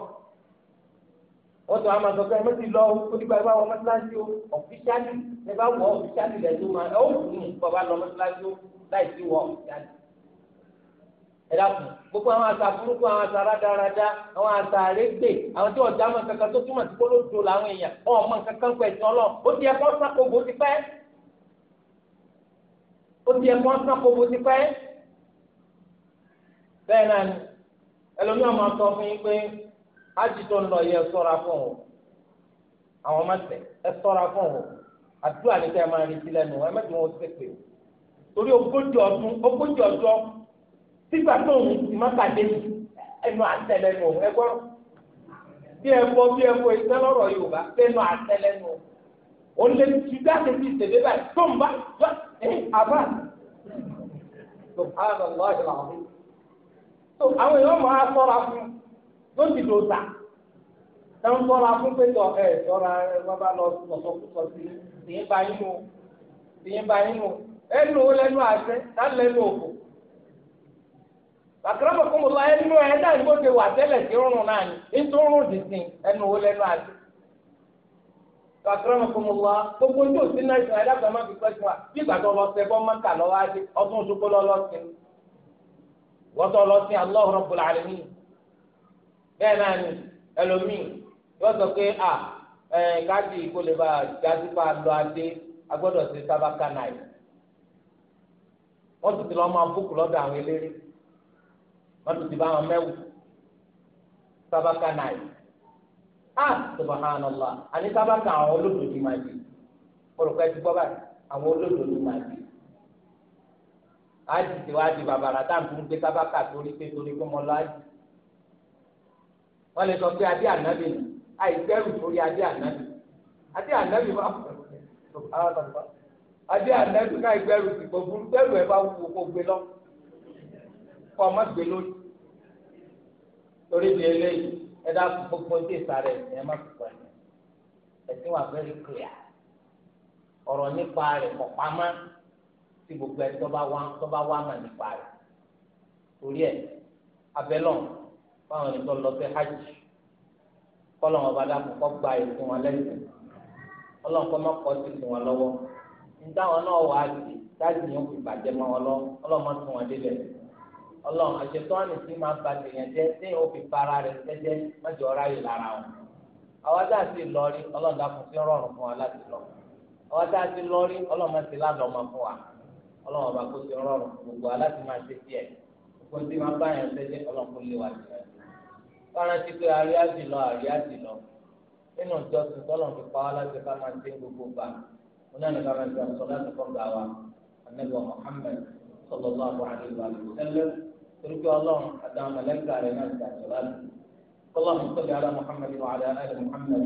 wọ́n tún àmà sọ pé ẹ mẹ́tì lọ ó nígbà ẹ bá wọ mẹ́tíláṣí o ọ̀fíṣálì ẹ bá wọ ọ̀fíṣálì rẹ̀ tó máa ẹ ó kùn ún bàbá lọ mẹ́tíláṣí o láì sí wọ ọ̀fíṣálì. ẹ dàpọ̀ gbogbo àwọn àṣà burúkú àwọn àṣà rádaràda àwọn àṣà àrégbè àwọn tí ọ̀dà àmọ̀ kankan tó túmọ̀ sí kó ló do làwọn èèyàn ọmọ kankan pẹ̀ tán lọ ó ti ẹ̀kọ́ sákòbó ti pẹ́ ó ti ẹ̀kọ́ sákòbó ti pẹ́ bẹ́ẹ̀ náà ni ẹlòmíràn máa sọ fún yín pé ájì tó ń lọ yẹ sọ́ra fún o àwọn máa tẹ̀ ẹ sọ́ra fún o àdúrà ní ká ẹ máa retí lẹ́nu ẹ mẹ́tì wọn ṣe pé torí ogójì ọdún ogójì ọjọ́ sígbà tó ń ti má pàdé ẹnu àtẹlẹnu ẹ gbọ́ bí ẹ bọ́ bí ẹ bọ́ ìtẹ́lọ́rọ̀ Yorùbá lẹ́nu àtẹlẹnu o lè ti dáàbò bíi tèmi báyìí tó ń bá ẹ àbá. tó àwọn èèyàn máa sọ́ra fún lóṣì lóṣà tó ń sọ́ra fún pétọ̀ ẹ̀ sọ́ra wọn bá lọ sọ̀sọ̀kúsọ sí tìyín bá yín o tìyín bá yín o ẹnu wo lẹnu àṣẹ tá lẹnu òkò kò mọ̀ lọ ẹnu ẹ ṣe wà tẹ́lẹ̀ tí náà rún dìsìn ẹnu lẹnu àṣẹ kò wọ́tọ̀ lọ sí Allah Rabbul Alamin bẹ́ẹ̀ náà ni ẹlòmíì yóò sọ pé à ẹ káàdì kò lè agbọdọ si lọ adé agbọ́dọ̀ sí sábàkà náà wọ́n tún lọ́ máa àwọn eléré wọ́n ti bá wọn mẹ́wù sábàkà náà ah subhanallah àní sábàkà àwọn di olùkọ́ ẹ ti gbọ́ Adi tí wàá di bàbàrà tá à ń tún gbé sábàkà torí pé torí pé mo lọ ájì wọn lè sọ pé adé ànábì nù àìsẹ́rù torí adé ànábì adé ànábì máa fọ adé ànábì ká ìgbẹ́rù ti gbogbo gbẹ́rù ẹ̀ bá wù kó gbé lọ kó ọmọ gbé lórí torí di eléyìí ẹ dá gbogbo ní ìsàlẹ̀ ẹ má fi pẹ̀lú ẹ̀sìn wà very clear ọ̀rọ̀ nípa rẹ̀ kọ̀ pamọ́ tí gbogbo ẹni tó bá wá mà nípa rẹ̀ torí ẹ̀ abẹ́lọ̀ fáwọn ẹni tó lọ sí hajj kọ́lọ̀ wọn bá dàpọ̀ kọ́ gba ìsìn wọn lẹ́sìn ọlọ́run kọ́ má kọ́ sí ìsìn wọn lọ́wọ́ nítawọn náà wà á sì dájú ní òkú ìbàjẹ́ mọ́ wọn lọ ọlọ́run má tún wọn délẹ̀ ọlọ́run àṣetọ́ni tí máa ba tèèyàn jẹ́ téèyàn ó fi para rẹ̀ jẹ́jẹ́ má ọ̀rá yìí lára wọn àwọn tá a ti lọ rí ọlọ́run dàpọ̀ sí rọrùn fún wa láti lọ àwọn tá a ti lọ rí ọlọ́run ti ládọ̀ọ́ mọ́ fún wa ọlọ́run ọba kó ti rọrùn gbogbo aláti máa ṣe tiẹ̀ gbogbo tí máa bá yẹn ṣẹ́jẹ́ ọlọ́run kó lé wa jù lọ. fárántí pé àríyájì lọ àríyájì lọ nínú ìjọsìn tọ́lọ̀ fi pa wá láti ká máa ṣe gbogbo gbà wọn náà ní ká máa ṣe àṣọ láti kọ́ gbà wa anabi wa muhammed sallallahu alayhi wa sallam torí pé ọlọ́run àtàwọn mẹlẹ́kà rẹ̀ náà ti àṣọ láti. اللهم صل على محمد وعلى آل محمد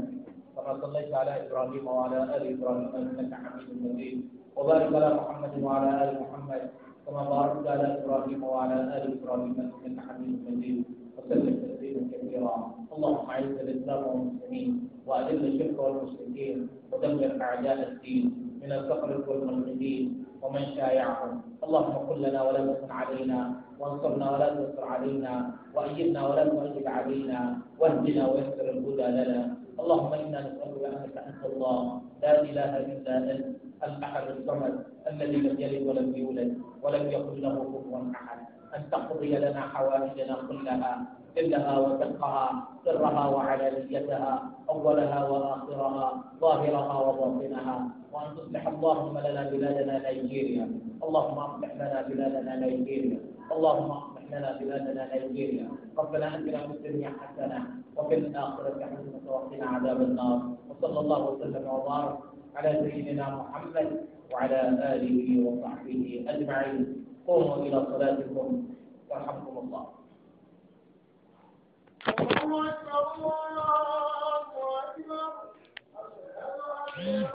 كما صليت على إبراهيم وعلى آل إبراهيم إنك حميد مجيد وبارك على محمد وعلى آل محمد كما باركت على إبراهيم وعلى آل إبراهيم إنك حميد مجيد وسلم تسليما كثيرا اللهم أعز الإسلام والمسلمين وأذل الشرك والمشركين ودمر أعداء الدين من الفقر والملحدين ومن شايعهم اللهم قل لنا ولا تكن علينا وانصرنا ولا تنصر علينا وأيدنا ولا تؤيد علينا واهدنا ويسر الهدى لنا اللهم إنا نسألك أنك أنت الله لا إله إلا أنت الأحد الصمد الذي لم يلد ولم يولد ولم يكن له كفوا أحد أن تقضي لنا حوائجنا كلها إلها وتقها سرها وعلانيتها أولها وآخرها ظاهرها وباطنها وأن تصلح اللهم لنا بلادنا نيجيريا اللهم أصلح لنا بلادنا نيجيريا اللهم أصلح لنا بلادنا نيجيريا ربنا أتنا في الدنيا حسنة وفي الآخرة حسنة وقنا عذاب النار وصلى الله وسلم وبارك على سيدنا محمد وعلى آله وصحبه أجمعين قوموا إلى صلاتكم ورحمكم الله الله أكبر الله أكبر